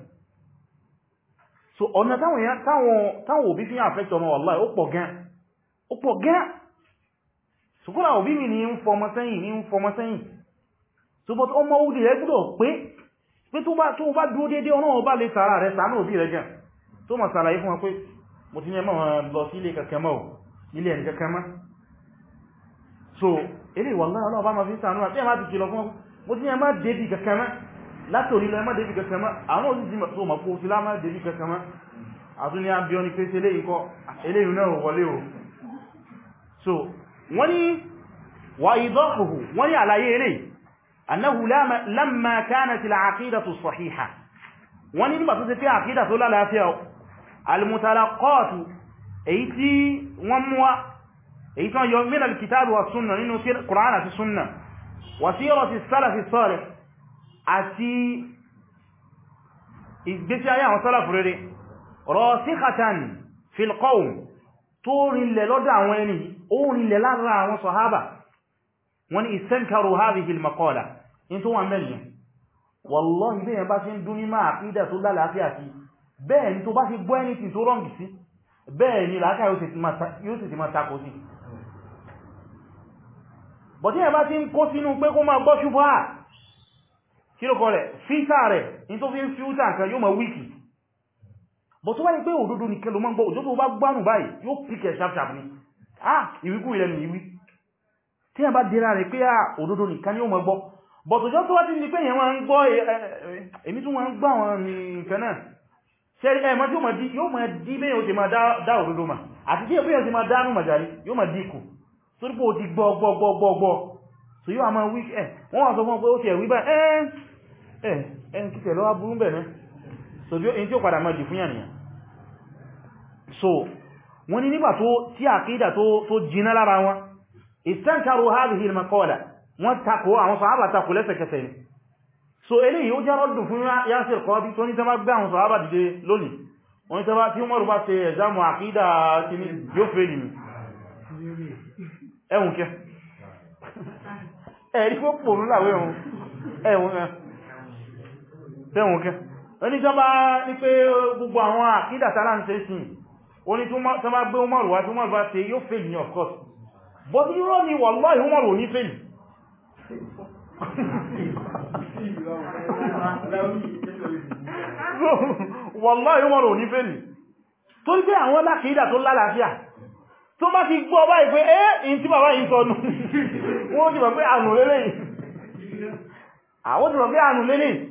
so ọ̀nà táwọn òbí fi ń àfẹ́kì ọmọ wàláì ó pọ̀ gan ó pọ̀ gan ṣùgbọ́n àwọn òbí mi ní ń fọmọ sẹ́yìn ní ń fọmọ sẹ́yìn ṣùgbọ́n ọmọ òdì rẹ̀ gbọ́dọ̀ pé pé tó bá dúró dédé ọ̀nà ọba lè tààrà rẹ̀ sàánú òbí rẹ̀ gan tó mọ̀ sàlàyé fún wọn pé mo ti ní ẹmọ́ lọ sí ilé kankan mọ́ ilé ẹni kankan mọ́ so eré wàláì ọlọ́ọ̀bá ma fi sàánú àti ẹmá ti kìlọ̀ fún wọn mo látòrí lọ ẹmọ́ david kẹsẹ̀mọ́ àwọn òjìjì tó mọ̀ kó sílá mọ́ david kẹsẹ̀mọ́ àtúní àbíọ́ ni pé tẹ́lé ikọ́ eléyìn náà wọlé o so wọ́n ni wà ìdọ́kùhù wọ́n ni àlàyé eré annahu lamma kanat al-aqidatu sahiha wọ́n ni nígbà tó ti pé àkídà tó lálàáfíà al-mutalaqatu èyí tí wọ́n mú wa èyí tán àti ìgbésí ayé àwọn sálàfù rere rasikhatan fil qawm tó rinlẹ̀ lọ́dọ̀ àwọn ẹni ó rinlẹ̀ lára àwọn sàhábà wọ́n ni istankaru hadhihi al-maqala in tó wà mẹ́lìyàn wallahi bẹ́yẹn bá ṣe ń dún ní máa àpídà tó lálàáfíà sí bẹ́ẹ̀ ni tó bá fi gbọ́ anything tó ń kó sínú pé kó máa gbọ́ ṣúfà kí ló kọ́ rẹ̀ fíta rẹ̀ in tó fi ń fíútà nǹkan yóò mọ̀ wíkì bọ̀ tó bá ní pé òdodo ní kẹlò mọ́gbọ́ òjò tó bá gbárùn báyìí yóò pìkẹ̀ sharpsharp ní ah ìwíkú ilẹ̀ ní a bá dira rẹ̀ pé à òdodo nìkan yóò mọ̀ gbọ́ bọ̀ tó jọ tó wá ti ní pé èyàn máa ń gbọ́ èmi tún máa ń gbà wọn ní nǹkan náà ṣe ẹ mọ́ tí ó mọ̀ dí yóò mọ̀ dí bẹ́ẹ̀ ó ti máa dá òdodo mà àti bí ó ti máa dá nù màjàrí yóò so yóò a máa wí ẹ̀ wọ́n wà sọ fún ọ pé ó ti ẹ̀wí báyìí Eh, ẹn kíkẹ̀ lọ́wọ́ burú bẹ̀rẹ̀ so bí i tí ó padà mọ́ dì fún yànìyàn so wọ́n ni nígbà tó tí àkídà tó jiná lára wọn istankaru hadhihi al so eléyìí ó jẹ́ rọ́dùn fún Yasir Qadi tó ní tẹ́bá gbé àwọn sàhábà dìde lónìí wọ́n tẹ́bá tí Umaru bá ṣe ẹ̀zámù àkídà tí ní yóò kẹ́ ẹ̀rí pọ̀ pòrún láwẹ́ ẹ̀hùn bẹ́wọn kẹ́ oníjọba ní pé gbogbo àwọn àkídàtàlá ń ṣe sí oní tó má gbé umaru wá tó mọ́rù bá ṣe yóò fail ní of course but irọ́ ni wallahi umaru ò ní fail wallahi umaru ò ní fail tó ń jẹ́ àwọn lákìídà tó lálàáfíà tó má ti gbọ́ báyìí pé ẹ́ in tí bàbá yìí sọnù wọ́n ti mọ̀ pé ànù lélẹ́yìn àwọn ti mọ̀ pé ànù lélẹ́yìn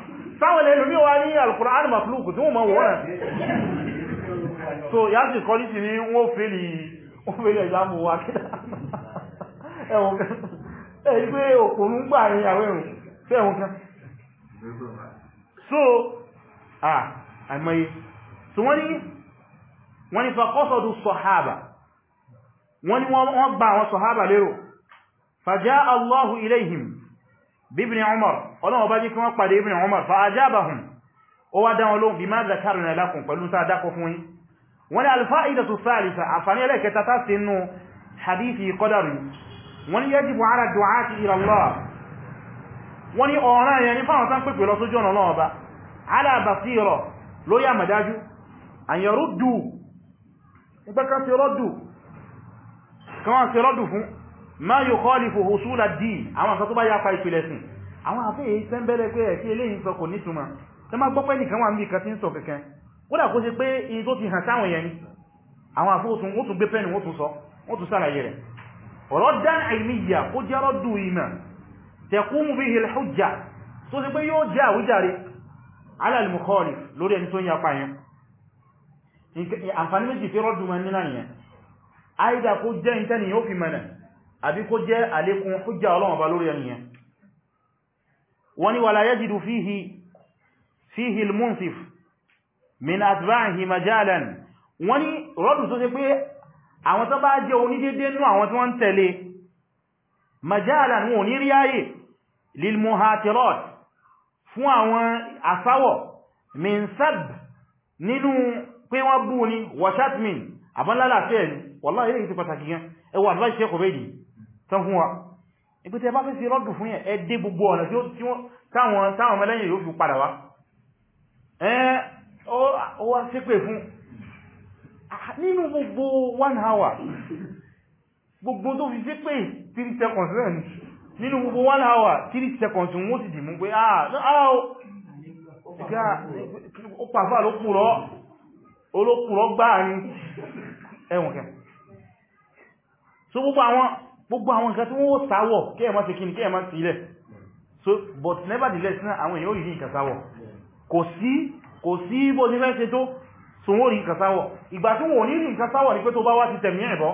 táwọn ẹlòmí wá ní alkùnrin maklúkù tí wọ́n mọ̀ wọ́n so yá sì kọ́ nítì ní wọ́n fèlì ẹ̀yàmù wa kídà ẹ̀yí pé òkùnrin gbà ní àwọn ẹ̀rùn fẹ́ ẹ̀wọ̀n kan so ah may so wọ́n ní wọ́n ní sahaba sọ̀hábà wọ́n gba wọ́n sahaba lero sọ̀hábà lérò fàjá allahu ilayhim umar ọlọ́wọ́ bá jí kí wọ́n pàdé ibn Umar fa ajabahum ó wá dáwọn lóhùn bí máa zakarna lakum pẹ̀lú tá dákọ fún yín wọ́n ni alfa'idatu thalitha àǹfààní ẹlẹ́kẹta tá sí inú hadithi qadaru wọ́n ni yajibu ala du'ati ila Allah wọ́n ni ọ̀ràn yẹn ní fáwọn tán pèpè lọ sójú ọ̀nà lọ́wọ́ bá ala basira lórí àmàdájú an yaruddu ma yukhalifu husula ad-din àwọn kan tó bá yapa ìpìlẹ̀sìn àwọn àfẹ́yẹ sẹ́ńbẹ́lẹ̀ pé ẹ̀kí eléyìn sọ kò nítumọ̀ tẹ máa gbọ́pẹ́ nìkan wà níbi kan tí ń sọ kẹ̀kẹ́ kódà kó ṣe pé iye tó ti hàn sáwọn yẹn ni àwọn àfẹ́yẹ ó tún gbé pẹ́ni wọ́n tún sọ wọ́n tún sàlàyé rẹ̀ ọ̀rọ̀ dán àìníyà kó jẹ́ rọ́dù ìmọ̀ tẹkùmù bí hìlhújà tó ṣe pé yóò jẹ́ àwíjàre alàlùmùkọ́ọ̀lì lórí ẹni tó ń yapa yẹn àǹfààní méjì fi rọ́dù mọ́ nínà yẹn àìdà àbí kó jẹ́ àlékún hújà ọlọ́wọ̀n lórí ẹni wọ́n ni wala yajidu fihi fihi al-munsif min atba'ihi majalan wọ́n ni rọ́dù tó ṣe pé àwọn tó bá jẹ́ onídédé nú àwọn tí wọ́n tẹ̀lé majalan wọn ní ríyáyé lilmuhatirat fún àwọn asáwọ̀ min sab nínú pé wọ́n bú ni washatmin abọ́nlálàfẹ́ ni wallahi ilé ìtí pàtàkì gan ẹwà àdúrà ìpítẹ́ bá fẹ́ sí rọ́dù fún yẹn ẹdé gbogbo ọ̀nà tí táwọn táwọn mẹ́lẹ́yìn yóò fi padà wá ẹ́n ó wá ṣépè fún ah, nínú gbogbo one hour gbogbo tó fi ṣépè 3 seconds rẹ̀ ní nínú gbogbo one hour 3 seconds wọ́n ti dìmú pé àà ah, ah, ó pàfà olókùrọ̀ gbáà ní ẹwọ̀n kẹ so gbogbo àwọn gbogbo àwọn nǹkan tí wọ́n sáwọ̀ kí ẹ̀mọ́ ti kíni kí ẹ̀mọ́ ti ilẹ̀ so but nevertheless náà àwọn èèyàn yìí nǹkan sáwọ̀ kò sí kò sí bó ní fẹ́ ṣe tó so wọ́n rí nǹkan sáwọ̀ ìgbà tí wọ́n ní rí nǹkan sáwọ̀ ní pé tó bá wá ti tẹ̀mí ẹ̀bọ́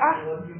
ah,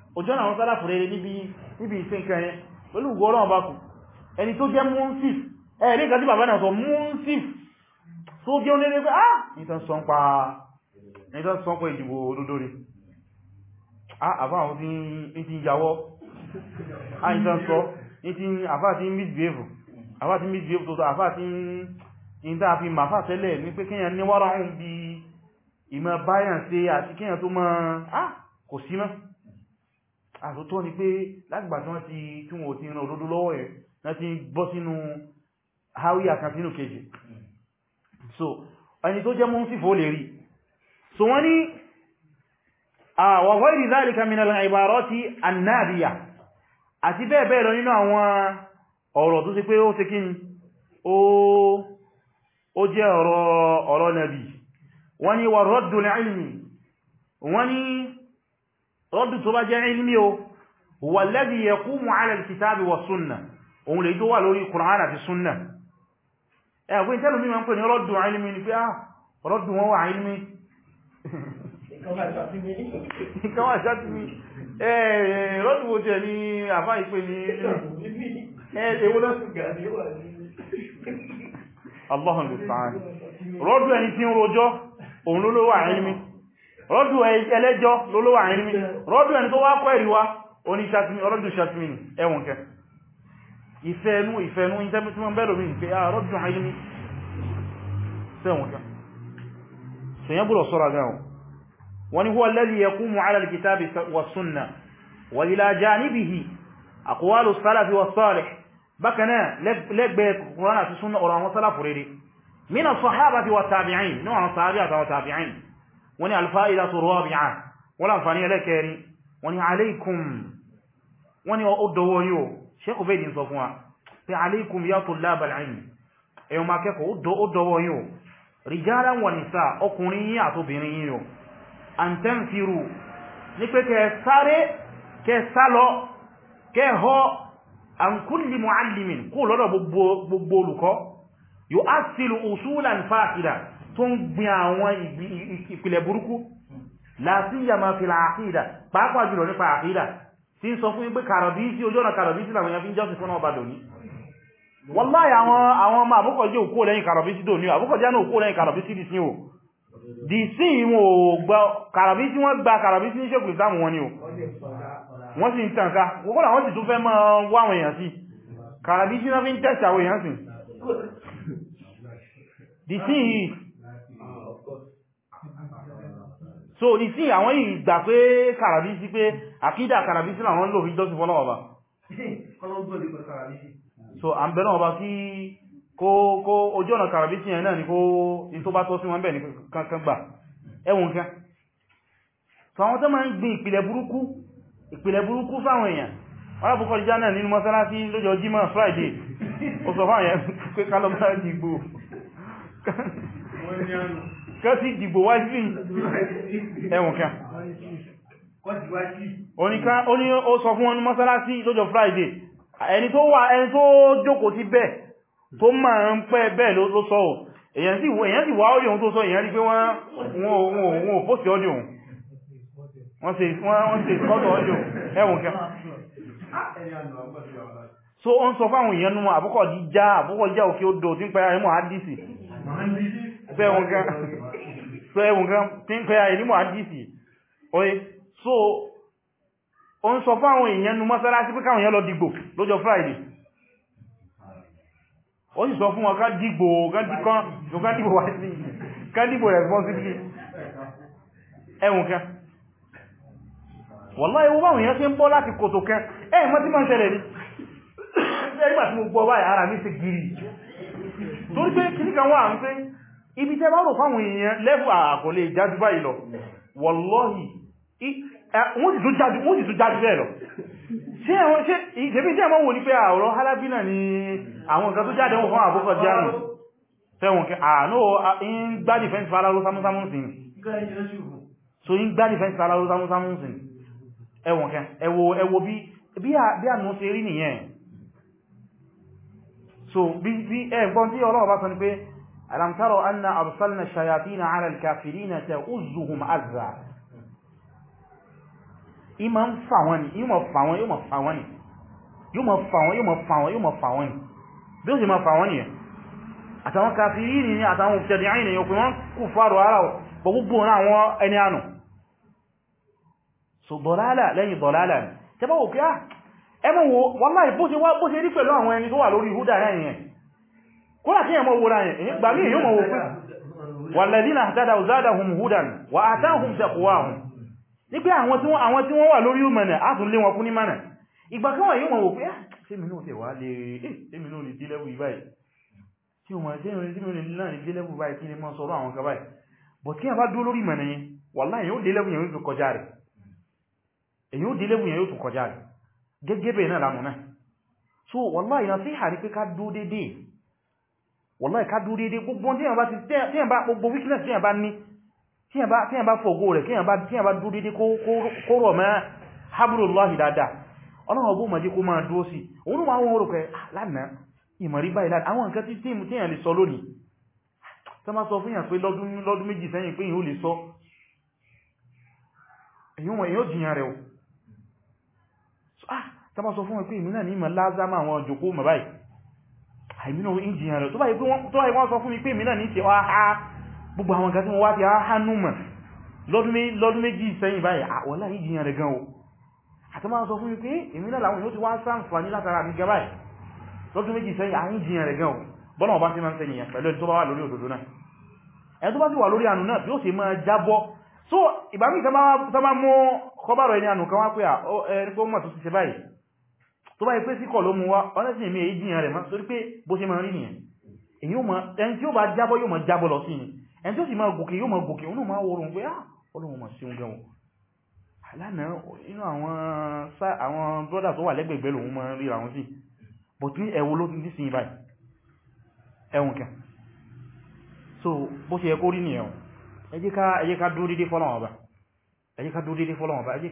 òjò náà wọ́n sálàfù rere níbi ìsìnkẹ́ yẹn pẹ̀lú gọ́ọ̀rọ̀ ọba kù ẹni tó jẹ́ múnsif ẹ̀rí kan tí bàbá náà sọ múnsif tó jẹ́ onílé pé ah nìtàn sọ ń pa ìdìbò olódóre ah àbá àwọn tí ń yàwọ́ ah nìtàn sọ àbá tí ń misbehave àbá tí ń misbehave tó àbá tí ń dá fi màfà tẹ́lẹ̀ ní pé kíyàn níwárá ń bí ìmọ̀ báyàn ṣe àti kíyàn tó mọ́ ah kò sí àtútọ́ ni pé lágbà tí wọ́n ti tí wọ́n ti ràn òdodo lọ́wọ́ ẹ̀ náà ti bọ́ sínú hawi àkàfínú kejì so ẹni tó jẹ́ mú sí fò lè rí so wọ́n ni wa ghayri dhalika min al-ibarati an-nadiya àti bẹ́ẹ̀ bẹ́ẹ̀ lọ nínú àwọn ọ̀rọ̀ tó sì pé ó ti kín ó jẹ́ ọ̀rọ̀ rọ́dù tó bá jẹ́ ilmi o walladhi yaqumu ala al-kitabi wa sunna òun lè tó wà lórí Qur'an àti sunna ẹgbẹ́ ìtẹ́lù mi máa ń pè ní rọ́dù ilmi ni pé ah rọ́dù wọn wà ilmi ìkọwà sátìmí rọ́dù wo rọ́dù ẹni tí ń rojọ́ òun ló lówà ilmi rọ́dù ẹlẹ́jọ́ lólówà àrin mi rọ́dù ẹni tó wá kọ́ ẹ̀rí wá oní rọ́dù ṣàtìmìnì ẹwọ̀n kẹ ìfẹ́ẹ̀nú ìfẹ́ẹ̀nú ìtẹ́mìtìmọ̀ bẹ́lò ah, mi pé rọ́dù àrin mi sẹ́wọ̀n kẹ sẹ́yẹ́ búrọ̀ sọ́ra gáwọn wani huwa alladhi yaqumu ala alkitabi wa sunna wa ila janibihi aqwalu salafi wa salih bakana legbe qur'ana sunna ọ̀rọ̀ àwọn salafu rere min as wọ́n ni alfa'idatu rabi'a wọ́n láǹfàní ẹlẹ́kẹrin wọ́n ni alaykum wọ́n ni ó dọwọ́ yíò ṣe kò fèdí sọ fún wa pé alaykum ya tullab al-ilm ẹ̀yọ ma kẹ́kọ̀ọ́ ó ní pé kẹ sáré kẹ sálọ kẹ họ an kulli muallimin kó lọ́dọ̀ gbogbo olùkọ́ yu'assilu usulan fasida tó ń gbin àwọn ìpìlẹ̀ burúkú láàáfíyà máa fi àkídà pàápàá jùlọ nípa àkídà tí ń sọ fún ipé kàrọ̀bíìsì ojú ọ̀nà kàrọ̀bíìsì làwọn èèyàn fi ń jọ́sìn fún ọba dòní wọ́láyà àwọn ọmọ àbúkọ̀jẹ́ òkú lẹ́yìn kàrọ̀bíìsì dòní àbúkọ̀jẹ́ náà òkú lẹ́yìn kàrọ̀bíìsì dì sí o dì sí ìwọ̀n ògbà kàrọ̀bíìsì wọ́n gba kàrọ̀bíìsì ní ṣèkùn o wọ́n sì ń tànká gbogbo àwọn sì tún fẹ́ mọ́ wáwọn èèyàn sí kàrọ̀bíìsì náà fi ń tẹ̀sì àwọn èèyàn sí dì sí yìí so ìsìn àwọn yìí gbà pé kàràbísí pé àkídà kàràbísí làwọn lò fi jọ́sí fọ́lọ́wọ́ bá so à ń bẹ̀rẹ̀ ọba kí kó ojú ọ̀nà kàràbísí yẹn náà ni kó in tó bá tọ́ sí wọn bẹ̀ ní kankan gbà ẹwùn kan so àwọn tó máa ń gbin ìpìlẹ̀ burúkú ìpìlẹ̀ burúkú fáwọn èèyàn wọ́n bú kọjá náà nínú mọ́sálásí lọ́jọ́ jímọ̀ friday ó sọ fáwọn yẹn pé kálọ́mọ́ kẹ́ sí dìbò wájú ẹ̀wọ̀n kan oníká ó ní ó sọ fún ọdún mọ́sálásí lọ́jọ́ Friday ẹni tó wà ẹni tó jókòó ti bẹ́ẹ̀ tó máa ń pẹ́ bẹ́ẹ̀ ló sọ ọ̀ èyàn sì wá ọ́dí ohun tó sọ èyàn rí pé wọ́n ò fóòsì ọ́dí ohun wọ́n ṣe ìsọ́tọ̀ ọ́dí ohun ẹwùn kẹ́ so ó ń sọ fáwọn èèyàn nú àbúkọ̀ jíjá àbúkọ̀ jíjá òkè odò tí ń pẹ́ ẹmọ́ àdìsì pẹ́ ẹwùn kẹ́ so ẹwùn gan tí ń pẹ́ ìlímọ̀ àdìsì oye so o ń sọ fáwọn èèyàn nu mọ́sálásí pé káwọn èèyàn lọ dìgbò lọ́jọ́ friday ó sì sọ fún wọn ká dìgbò ká dìgbò wá sí ká dìgbò responsibly ẹwùn kan wọ́lá ewu báwọn èèyàn ṣe ń bọ́ láti kòtò kan ẹ̀ mọ́ tí máa ń ṣẹlẹ̀ ní ẹgbà tí mo gbọ́ báyìí ara mi ṣe ibi tẹ́ bá rò fáwọn èèyàn lẹ́fù àkọlé ìjájú báyìí lọ wallahi wọ́n sì tún jájú bẹ́ẹ̀ lọ ṣe ìṣẹ́bí tí a máa wò ní pé àwọ̀rọ̀ halábínà ni àwọn nǹkan tó jáde wọn fún àkókò jáàmù tẹ́wọ̀n kí àánú in gbá defense fara ló sámúsámúsìn so in gbá defense fara ló sámúsámúsìn ẹwọ̀n kí ẹwọ bí àánú ṣe rí nìyẹn so bí ẹgbọ́n tí ọlọ́wọ́ bá sọ ni pé ألم تروا أن أرسلنا الشياطين على الكافرين تؤزهم أزا ìmọ̀ ń fà wọ́n ni ìmọ̀ fà wọ́n yóò mọ̀ fà wọ́n ni yóò mọ̀ fà wọ́n yóò mọ̀ fà wọ́n yóò mọ̀ fà wọ́n ni bí ó sì mọ̀ fà wọ́n ni ẹ̀ àtàwọn kàfírí ni ni àtàwọn òfìsẹ̀dìyàn ni òkùn wọ́n kù fàrò ara gbogbo àwọn ẹni ànù so dọ̀lálà lẹ́yìn dọ̀lálà ni tẹ́bọ̀ òkè á ẹmọ̀ wọ́n láì bó ṣe rí pẹ̀lú àwọn ẹni tó wà lórí húdà náà yẹn kódà tí ẹmọ wòrán yẹn gbà mí yíò mọ̀ wò fún wàlẹ̀dínà àtàdà òzádàhùn húdàn wà àtàhùn tẹ̀kùwàhùn ní pé àwọn tí wọ́n wà lórí mẹ́nà átùn lé wọn kún ní mẹ́nà ìgbà kí wọ́n yíò mọ̀ wò fún ẹ́ tí mi náà tẹ̀ wà lè tí eh, mi náà lè dé lẹ́wù ìbáyìí tí wọ́n tí mi náà lè dé lẹ́wù ìbáyìí kí ni mọ́ sọ̀rọ̀ àwọn kaba bọ̀ wallahi ká dúró dédé gbogbo tí yàn bá gbogbo weakness tí yàn bá ní tí yàn bá fògó rẹ̀ tí yàn bá dúró dédé kó rọ̀ mẹ́ hablullahi dáadáa ọlọ́run ọgbó màjí kó máa dúró sí òun ma wọ́n orùkẹ́ ah, lánàá ìmọ̀rí báyìí lánàá àwọn nǹkan tí tíìmù tí yàn lè sọ lónìí tó má sọ fún yàn pé lọ́dún méjì sẹ́yìn pé yóò lè sọ èyí ó jìyàn àìmínà ìjìyàn rẹ̀ tó báyìí wọ́n sọ fún mi pé mìíràn ní ṣe wá ha gbogbo àwọn ǹkan tí wọ́n wá ti ha númọ̀ lọ́dún méjì sẹ́yìn báyìí àwọ̀lá ìjìyàn rẹ̀ gan o àti máa sọ fún mi pé ìmìíràn làwọn yóò ti wá sáǹfàní látara mi gaba lọ́dún méjì sẹ́yìn àìjìyàn rẹ̀ gan o bọ́nà ọba sí máa ń sẹ́yìn yẹn pẹ̀lú ẹni tó bá wà lórí òdodo náà ẹni tó bá sì wà lórí ànù náà yóò sì máa jábọ́ so ìgbà míì tó bá mú kọbárọ̀ ẹni ànù kan wá pé ẹni pé ó mọ̀ tó ti ṣe báyìí tó bá ipé síkọ̀ ló mú wá ọlẹ́sìn èmì èyí jìyàn rẹ̀ máa sórí pé bó ṣe máa rí nìyàn èyí ó máa ẹni tí ó bá jábọ́ yóò máa jábọ́ lọ sí ni ẹni tí ó sì máa gòkè yóò máa gòkè oní máa wọrùn pé ah, ọlọ́run máa sí oúnjẹ wọn lánàá inú àwọn brọ́dà tó wà lẹ́gbẹ̀gbẹ́ lòun máa rí àwọn sí but so bó ṣe ni ẹ̀wọ̀n ẹ jẹ́ ká ẹ jẹ́ ká dúró dédé fọ́lọ́wọ̀n ọba ẹ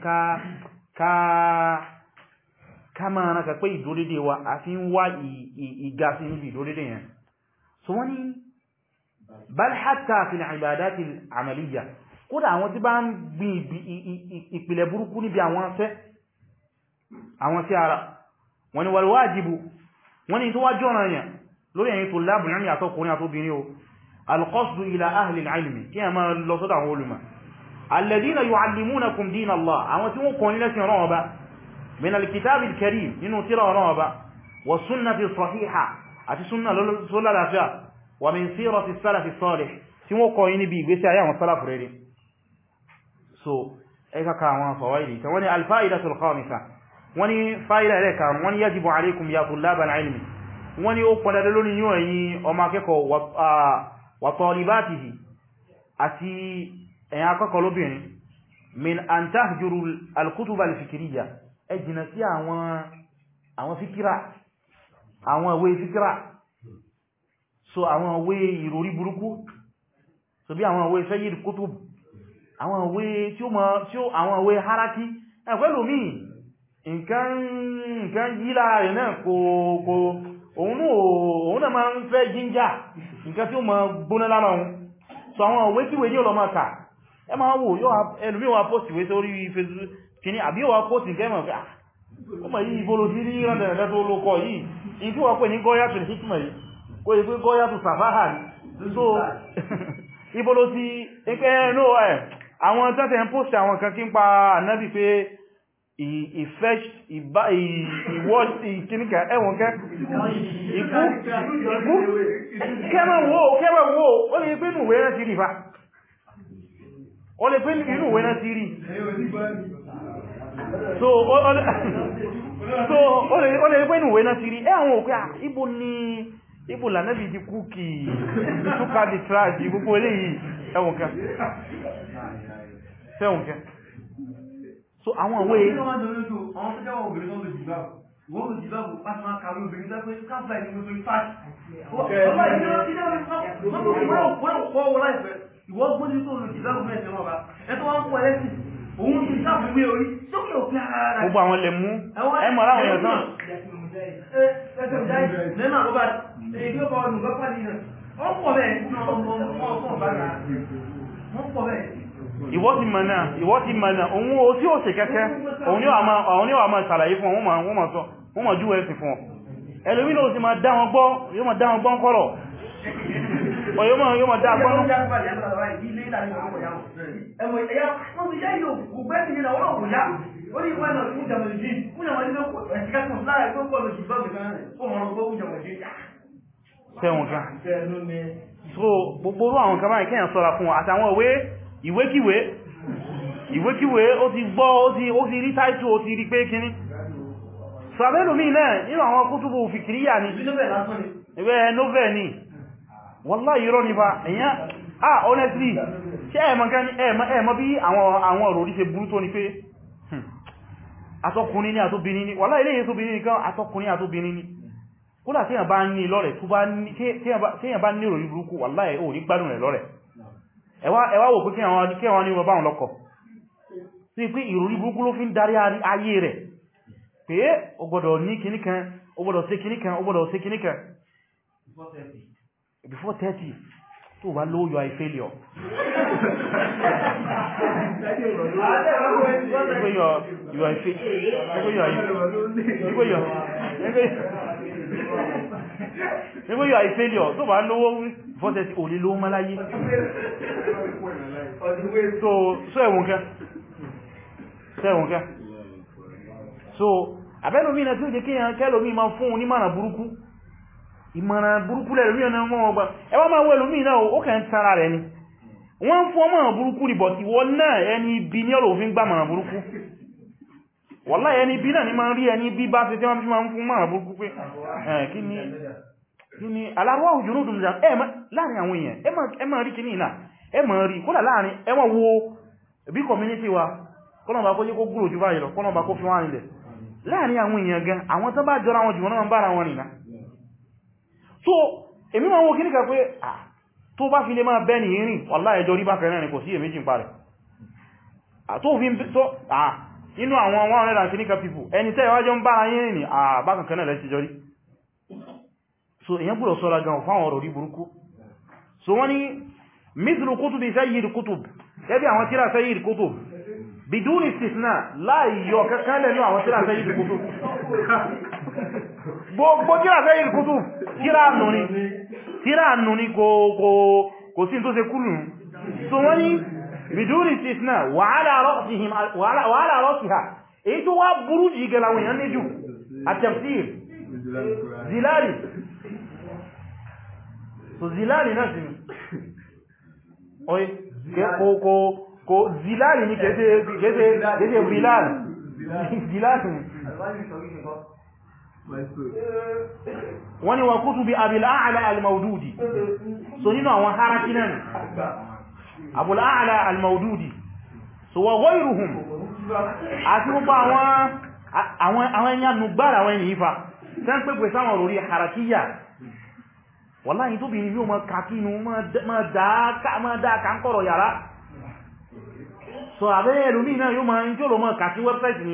ká máa ránkà pé ìdórédé wa a fi ń wá ìgá sí níbi ìdórédé yẹn so wọ́n ni bal hatta fil ibadati al-amaliyya kódà àwọn tí bá ń gbin ìpìlẹ̀ burúkú níbi àwọn afẹ́ àwọn sí ara wọ́n ni wal wajibu wọ́n ni tó wá jọ́ràn yẹn lórí ẹ̀yin tó lábùn ní min al-kitab al-karim nínú tírà Ọlọ́run Ọba wa sunnati sahiha àti sunna ló lálàáfíà wa min sirati salaf as-salih tí wọ́n kọ́ yín bí ìgbésí ayé àwọn salaf rere so ai kaka àwọn fawaidi ta wani al-fa'idatu al-khamisa wani fa'ida ile ka wani yajibu alaykum ya tullaban ilmi wani ó pọ̀ dandan lórí yín ẹ̀yin ọmọ akẹ́kọ̀ọ́ wa talibatihi àti ẹ̀yin akẹ́kọ̀ọ́ lóbìnrin min an tahjuru al-kutub al-fikriyya ẹ jìnà sí àwọn àwọn fíkírà àwọn ìwé fíkírà so àwọn ìwé ìròrí burúkú so bí àwọn ìwé Sayyid Qutb àwọn ìwé tí ó mọ̀ tí ó àwọn ìwé haraki ẹ̀fẹ́lò mí nǹkan yílá rẹ̀ náà kò kò òun náà máa ń fẹ́ jíńjà nǹkan tí ó mọ̀ gbóná lára òun so àwọn ìwé tí wèé yóò lọ máa kà ẹ máa wò yóò ẹlùmí wà post ìwé sórí Facebook kí ni àbí wà kó ti gẹ́mọ̀ pé ọmọ ah, yìí ibò ló sí rí rẹ̀dẹ̀rẹ̀ tó ló kọ yìí in tí wà pè ní gọ́yàtù hikma yìí kó yìí pé gọ́yàtù sàfáhà ní so ibò ló sí ẹgbẹ́ ẹ̀nú ẹ̀ àwọn tẹ́tẹ̀ ń pòsì àwọn kan kí ń pa ànábì pé ìfẹ́ ìwọ́ ìkíníkà ti rí so ó lè pé ìwé náà ti rí ẹ̀wọ̀n òkú ibo ni ibo lànàbí ti kú kì í túká di trash gbogbo eléyìí ẹ̀wọ̀n kan sẹ́wọ̀n kan so àwọn òwe wọ́n ló jìbá bò bá máa kàwé obìnrin lápẹ́ káàbà ìlú lórí pàtì. ọba ìlú ló ti dáwọ́ ìfọ́ wọ́n kọ́ wọ́n láìpẹ́ ìwọ́n gbóni tó lò jìbá bò mẹ́sàn-án ọba ẹ tó wá ń pọ̀ ẹlẹ́sìn òun ti sáfúwé orí sókè òfin ara rẹ̀ gbogbo àwọn lè mú ẹmọ̀ láwọn èèyàn tán ìwọ́ ti mọ̀ náà ìwọ́ ti mọ̀ náà òun o tí ó sì kẹ́kẹ́ òun ní wà máa ṣàlàyé fún wọn wọ́n mọ̀ jú ẹ̀sìn fún ẹlòmí ló sì máa dá wọn gbọ́ ń kọ́rọ̀ ọ̀yọ́ mọ̀ yóò mọ̀ dá akọ́nú. sẹ́wọ̀n kan so gbogbo orú àwọn kan báyìí kẹ́yàn sọ́ra fún wọn àtàwọn ìwé ìwékíwé ìwékíwé ó ti gbọ́ ó ti rí táìtù ó ti rí pé kíní sàbẹ́lùmí náà nínú àwọn kútùbù fìkìríyà ni ìwé novel ni wallahi irọ́ ní bá èyàn ah honestly ṣe ẹ̀mọ́ bí àwọn ọ̀rọ̀ orí ṣe burú tó ní pé hmm, atọ́kùnrin ní àtóbìnrin ní wallahi ilé ìyẹ́sóbìnrin nìkan atọ́kùnrin àtóbìnrin ní kódà tí èyàn bá ní lọ́rẹ̀ tí èyàn bá ní ìròyìn burúkú wallahi ò ní gbádùn rẹ̀ lọ́rẹ̀ ẹwà wò pé kí àwọn ní ọba ọlọ́kọ̀ sí pé ìròyìn burúkú ló fi ń darí ayé rẹ̀ pé ó gbọ́dọ̀ ní kìníkan ó gbọ́dọ̀ ṣe kìníkan ó gbọ́dọ̀ ṣe kìníkan before 30 tó bá lówó yọ àìfẹ́lẹ̀ nígbé yọ àìfẹ́lẹ̀ tó bá lówó before 30 ò lè lówó máláyé so so ẹ̀wùn So sẹ́wùn kẹ́ so àbẹ́lómìnà tí ó jẹ́ kí ẹ̀yàn kẹ́lómí ma fún un ní mànà burúkú ìmọ̀ràn burúkú lẹ́lùmí ọ̀nà wọn ọgbà ẹwà máa wọ ẹlòmí náà ó kẹ́ ń tara rẹ̀ ni wọ́n ń fọ́ mọ̀ràn burúkú rí bọ̀tí wọ́n náà ẹni ibi ní ọ̀rọ̀ òfin gbà mọ̀ràn burúkú wọ́lá ẹni ibi náà ni máa ń rí ẹni bí bá ṣe tí wọ́n fi máa ń fún mọ̀ràn burúkú pé ni alárọ́ òjò ló dùn láàrin àwọn èèyàn ẹ máa rí kíní náà ẹ wo bí community wa kọ́nàbà kó yẹ kó gúrò jù báyìí lọ kọ́nàbà kó fi wọ́n rìnlẹ̀ láàrin àwọn èèyàn gan àwọn tó bá jọra wọn jù wọn náà ń so èmi ma wo kíníkà pé ah tó bá fi lè máa bẹ́ ní ìrìn wàlá ẹjọ́ rí bákan náà ni kò sí èmi jìn parẹ̀ inú àwọn 100 kíníkà people ẹni tẹ́ ìwájọ́ ń bára yìí ni so èyàn gbọ́dọ̀ sọ́ra gan fáwọn ọ̀rọ̀ so wọ́n ni mithlu kutubi sayyid kutub gẹ́bí àwọn tíra sayyid kutub bidun istisna láì yọ kankan lẹ́nu àwọn tíra sayyid kutub gbogbo tíra fẹ́ ìrìkútù tíra nù ní tíra nù ní kò sí tó ṣe kúlù so wọ́n ní bidúrí sí ìsiná wàhálà rọ́síhà èyí tó wá burú jì gẹ̀láwìn yán níjù àtẹ̀fsir zilari so zilari náà sí oye kò zilari ní kẹsẹ̀ zilari zilari wọ́n ni wọ́n kútù bí abìláàlá almaududi so nínú àwọn haraki náà abìláàlá almaududi so wọ́n wọ́n ìrùhùn àti púpọ̀ àwọn ẹ̀yàn nùgbàrà àwọn ènìyàn ifa tẹ́ ń pẹ́pẹ́ sáwọn orí harakiyya wọ́láyìn tó bí ní yóò mọ́ kàkínú mọ́ dáa kọ́rọ̀ yàrá so àbẹ́yẹ̀ lómi náà yóò mọ́ kàkí wẹ́bsáìtì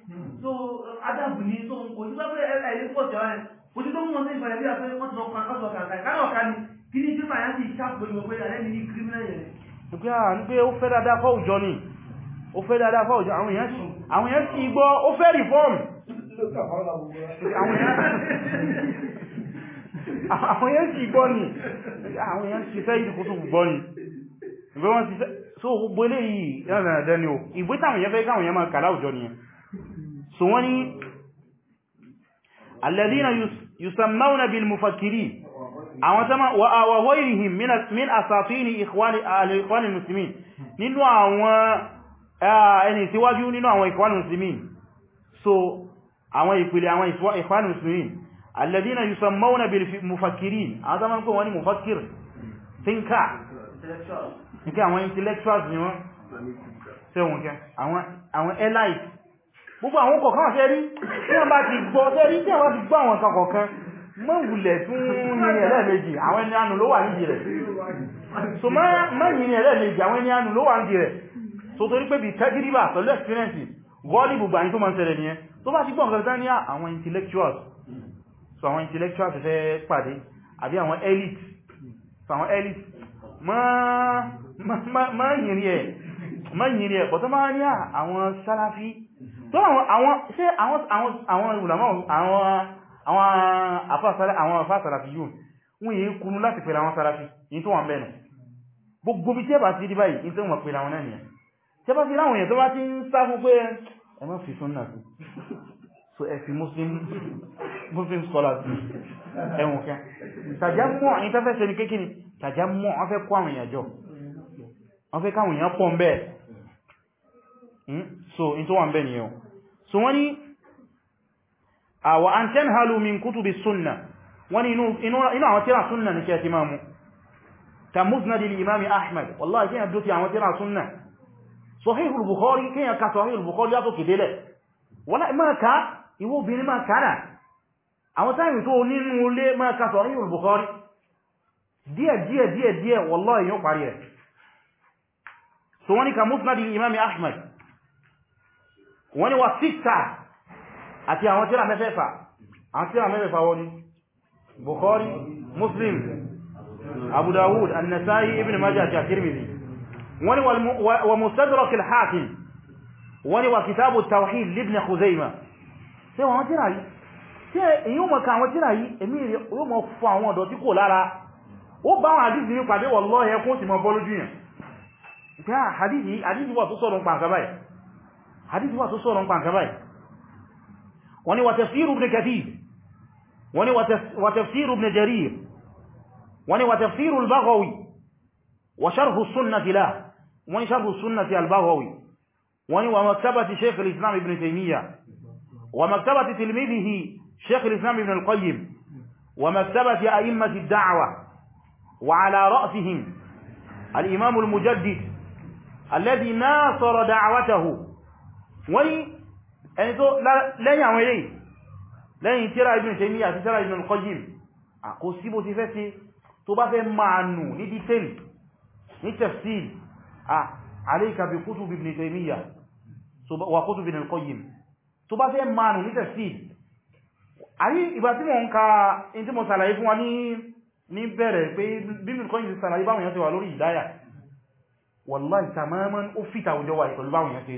so adáàbò ní tó ń kò ní gbàgbé ẹ̀rí pọ̀ tẹ̀wá ẹ̀ ojú tó mú wọn sí ìfàyàbí àpé wọ́n ti lọ kan ọ̀sọ̀ kàkà ìkárọ̀ ọ̀ka ni kí ní tí màá sì ṣàpò ìwọ̀n pé alẹ́ mi ní kírímìnà yẹn. ìgbé à ń gbé ó fẹ́ dáadáa fọ́ òjọ ni ó fẹ́ dáadáa fọ́ òjọ àwọn èèyàn sì gbọ́ ó fẹ́ reform. àwọn èèyàn sì gbọ́ ni àwọn èèyàn sì fẹ́ ìdìkú tó gbọ́ ni ìgbé wọn ti fẹ́ so gbogbo eléyìí ẹ̀rọ so wọ́n ni alladhina yusammawna bil mufakkirin àwọn tẹ́mà wa ghayrihim min asatini ikhwani muslimin nínú àwọn ẹni síwájú nínú àwọn ikhwani muslimin so àwọn ìpìlẹ̀ àwọn ikhwani muslimin alladhina yusammawna bil mufakkirin àwọn tẹ́mà kó wọ́n ni mufakkir thinker nke intellectuals ni wọ́n sẹ́wọ̀n kẹ́ àwọn elite gbogbo àwọn kọ̀ọ̀kan àṣẹ rí tí wọ́n bá ti gbọ́ ṣe rí tí wọ́n bá ti gbọ́ àwọn nǹkan kọ̀ọ̀kan mọ́ ìwùlẹ̀ tún yìnyín ẹlẹ́ẹ̀mejì àwọn ẹni àánú ló wà nídìí rẹ̀ so mọ́ yìnyín ẹlẹ́ẹ̀mejì àwọn ẹni àánú ló wà nídìí rẹ̀ so torí pé bí tẹ́gíríbà pẹ̀lú experience wọ́ọ̀lì gbogbo àyín tó máa ń ṣẹlẹ̀ nìyẹn tó bá ti gbọ́ nǹkan tán ní àwọn intellectuals so àwọn intellectuals fẹ́ pàdé àbí àwọn elite so àwọn elite mọ́ yìnyín ẹ̀ pọ̀ tó máa ní àwọn sálàfí tó àwọn ṣe àwọn ìwùlàmọ́ àwọn afásàràfí yóò wọ́n yìí kúrú láti pẹ̀lú àwọn sàràfí yìí tó wà mẹ́nu gbogbo bí tí ẹ bá ti rí báyìí ní tó wọ́n pẹ̀lú àwọn náà nìyàn tí ẹ ti láwọn èèyàn tó bá ti ń sá pé ẹ so ẹ fi muslim scholars ẹ̀wọ̀n kẹ́ tàjámọ́ àyíká fẹ́ ṣe ní kékeré tàjámọ́ wọ́n fẹ́ kó àwọn èèyàn jọ wọ́n hmm? so in tó wà so wọ́n ni àwọ̀ ah, an tanhalu min kutubi sunna wọ́n ni inú àwọn tíra sunna ní kẹtì máa mú ka musnad al-imam ahmad wallahi kí yàn dúkì àwọn tíra sunna sahih al-bukhari kí yàn ka sahih al-bukhari yàtò kìdélẹ̀ wọ́n máa ka ìwọ obìnrin máa ka náà àwọn táìmì tó nínú olé máa ka sahih al-bukhari díẹ̀ díẹ̀ díẹ̀ wallahi yóò parí so wọ́n ka musnad al-imam ahmad wọ́n ni wà síta àti àwọn tíra mẹ́fẹ́fà àwọn tíra mẹ́fẹ́fà wọ́n ni Bukhari Muslim Abu Dawud An-Nasa'i Ibn Majah àti At-Tirmidhi wọ́n ni wà Mustadrak al-Hakim wọ́n ni wà Kitab at-Tawhid li Ibn Khuzaymah ṣe wọ́n tíra yìí ṣe èyí ó mọ̀ ka àwọn tíra yìí èmi yóò mọ̀ fún àwọn ọ̀dọ̀ tí kò lára ó bá wọn àdíjì ní pàdé wallahi ẹkún sì mọ̀ bọ́lójú yàn hadith wà tó sọ̀rọ̀ nípa nǹkan báyìí wọ́n ní wa tafsir ibn kathir wọ́n ní wa tafsir ibn jarir wọ́n ní wa tafsir al-baghawi wa sharh as-sunnah lah wọ́n ní sharh as-sunnah al-baghawi wọ́n ní wa maktabati shaykh al-islam ibn taymiyyah wa maktabati tilmidhihi shaykh al-islam ibn al-qayyim wa maktabati a'immati ad-da'wa wa ala ra'sihim al-imam al-mujaddid الذي ناصر دعوته wọ́n ní ẹni tó lẹ́yìn àwọn eléyìí lẹ́yìn tíra Ibn Taymiyyah àti tíra Ibn Qayyim àkó sí bó ti fẹ́ sí tó bá fẹ́ máa nù ní detail ní tafsil alayka bi kutub Ibn Taymiyyah wa kutub Ibn Qayyim tó bá fẹ́ máa nù ní tafsil àrí ìgbà tí mo ń ka in tí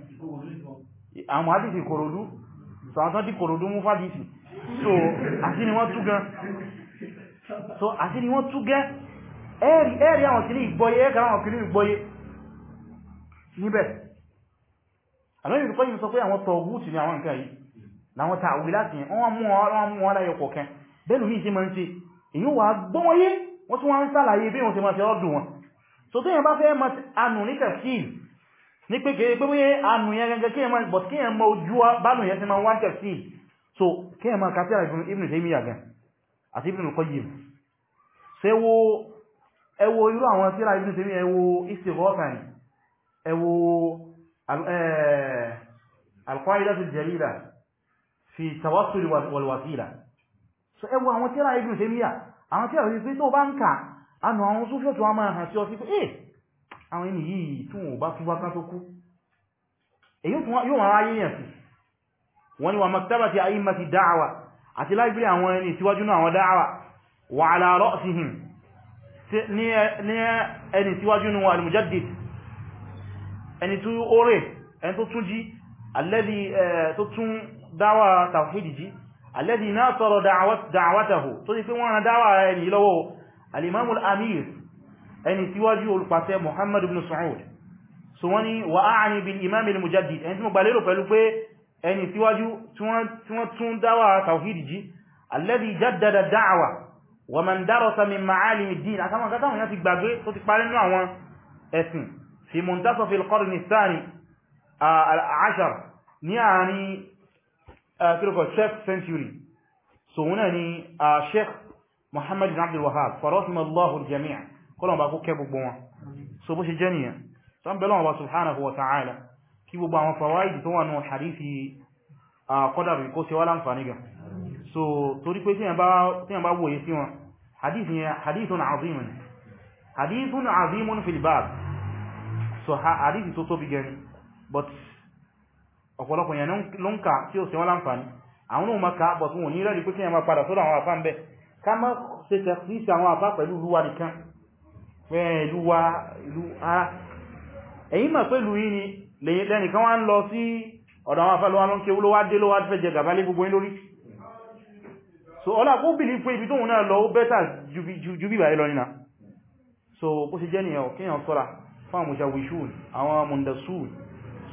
àwọn àdìsì kòròdú sàwọn tí kòròdú mú fàdìsì so àti ni wọ́n tú gan so àti ni wọ́n tú gan ẹ̀rì àwọn kìí ìgbọ́yé ẹ̀kà àwọn kìí ìgbọ́yé níbẹ̀ àmẹ́rin ìrùkọ́ yìí sọ pé àwọn tọ̀gútù ní àwọn nǹkan yìí láwọn tààwí láti wọ́n mú wọn láyọ kọ̀ọ̀kan bẹ́lù ní ìsinmọ̀ ń ṣe èyí wà gbọ́wọ́yé wọ́n tún wọ́n ń sàlàyé bí wọ́n ti máa fi ọdún wọn so tó yẹn bá fẹ́ mọ̀ anù ní tẹ̀síìlì ní pé kèrè pé bóyé ànù yẹn gẹ́gẹ́ kí ẹmọ but kí ẹmọ ojú bánù yẹn ti ma wá tẹ̀sí so kí ẹmọ kàtíra ìfún ibn Taymiyyah gan àti ibn Qayyim ṣẹwọ ẹwọ irú àwọn tíra ibn Taymiyyah ẹwọ istighothani ẹwọ al-qa'idatul jalila fi tawassul so ẹwọ àwọn tíra ibn Taymiyyah àwọn tíra ìfẹ́ tó bá ń kà ànù àwọn sófẹ́ tó wá àwọn ẹni yìí tún ò bá túbá kan tó kú èyí yóò wọ́n ráyé yẹn sí wọ́n ni wà maktabati a'immati da'wa àti láìpẹ́ àwọn ẹni síwájú náà àwọn da'wa wa ala ra'sihim ní ẹni síwájú náà al-mujaddid ẹni tó orè ẹni tó ẹni lọ́wọ́ al-imamul amir ẹni tíwájú olùpàtẹ Muhammad ibn Saud so wọ́n ni wà áàrin bil imam al-mujaddid ẹni tí mo gbà lérò pẹ̀lú pé ẹni tíwájú tí wọ́n tún dáwà tawhidi jí alladhi jaddada da'wa wa man darasa min ma'alim ad-din àtàwọn gátàwọn yá ti gbàgbé tó ti parí nínú àwọn ẹ̀sìn fi muntasaf al-qarni Muhammad ibn Abdul Wahhab fa rahimallahu kọ́lọ̀ bá kó kẹ́ gbogbo wọn so bó ṣe jẹ́ nìyàn so ń bẹ̀lọ́wọ́ bá subhanahu wa ta'ala kí gbogbo àwọn fàwáìdì tó wà náà hadithi kọ́dàrí kó ṣe wá láǹfàní gan so torí pé tí yàn bá wòye sí wọn hadithun azimun hadithun so hadithi tó tóbi gẹni but ọ̀pọ̀lọpọ̀ yẹn ló ń kà tí ó ṣe wá láǹfàní àwọn ohun maka but wọn ní rẹ̀ rí pé kí yàn máa padà sọ́dọ̀ àwọn àfá ń bẹ́ ká má ṣe tẹ̀sí àwọn àfá pẹ̀lú ruwa nìkan pé ìlú wa ìlú ara ẹ̀yìn mọ̀ pé yìí ni lẹ́nìkan wá ń lọ sí ọ̀dọ̀ àwọn afẹ́lọ́wà ló ń ké olówá dé lówá fẹ́ jẹ gàbálé gbogbo yín lórí so ọlá kó bìlí pé ibi tóhun náà lọ ó bẹ́tà ju bíbà ẹ lọ so bó ṣe jẹ́ nìyàn kíyàn sọ́ra fún àwọn mùsàwìṣùn àwọn mùndàṣùn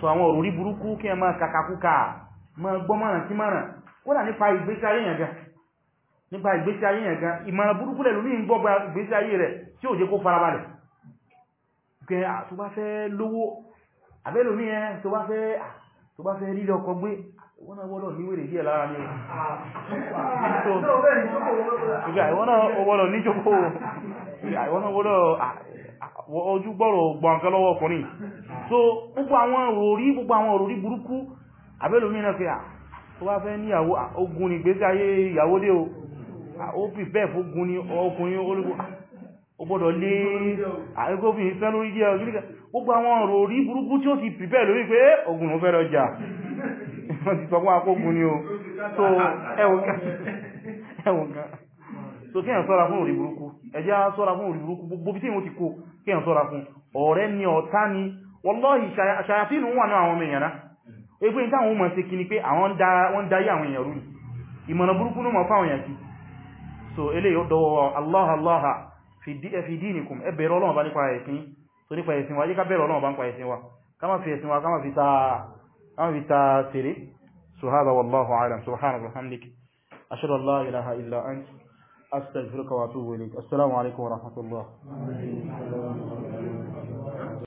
so àwọn òrùrí burúkú kí ẹ máa kàkàkúkà máa gbọ́mọ̀ràn sí mọ̀ràn kódà nípa ìgbésí ayé yàn gan nípa ìgbésí ayé yẹn gan ìmọ̀ràn burúkú lẹ̀ lómi ń gbọ́gba ìgbésí ayé rẹ̀ tí ò jẹ́ kó farabalẹ̀ pé tó bá fẹ́ lówó àbẹ́lómi ẹ tó bá fẹ́ tó bá fẹ́ rílẹ̀ ọkọ̀ gbé wọ́n wọ́lọ̀ ní wèrè díẹ̀ lára ní ọwọ́lọ̀ ní jókó ojú gbọ́rọ̀ so gbogbo àwọn òrí gbogbo àwọn òrí burúkú àbẹ́lómi náà pé à tó bá fẹ́ níyàwó ogun ìgbésí ayé Ah, ó pìfẹ́ fógun ní ọkùnrin ológun ó gbọ́dọ̀ lé àríkófin ah, sán lórí jẹ́ ọjọ́ gbogbo àwọn ọ̀rọ̀ orí burúkú tí ó sì pìfẹ́ lórí pé eh, ogun òun fẹ́rọ jà wọ́n ti sọ fún akógun ni o so ẹwọ̀n kan so kí ẹ̀ sọ́ra fún orí burúkú ẹjẹ́ sọ́ra fún orí burúkú gbogbo bí tí mo ti kó kí ẹ̀ sọ́ra fún ọ̀rẹ́ ni ọ̀tá ni wallahi ṣàyàfínú wà náà àwọn ọmọ èèyàn náà ẹgbẹ́ ìtàwọn ọmọ ṣe kí ni pé àwọn ń darí àwọn èèyàn rú ni ìmọ̀nà burúkú ló mọ̀ fáwọn èèyàn so ele yóò dọwọ́ Allah Allah fi dinikum ẹ bẹ̀rẹ̀ Ọlọ́run bá nípa ẹ̀sìn tó nípa ẹ̀sìn wa jíká bẹ̀rẹ̀ Ọlọ́run bá nípa ẹ̀sìn wa kama fi ẹ̀sìn wa kama fi ta sèré so hada wallahu alam subhanahu wa hamdik ashhadu an la ilaha illa ant astaghfiruka wa atubu ilayk assalamu alaikum wa rahmatullah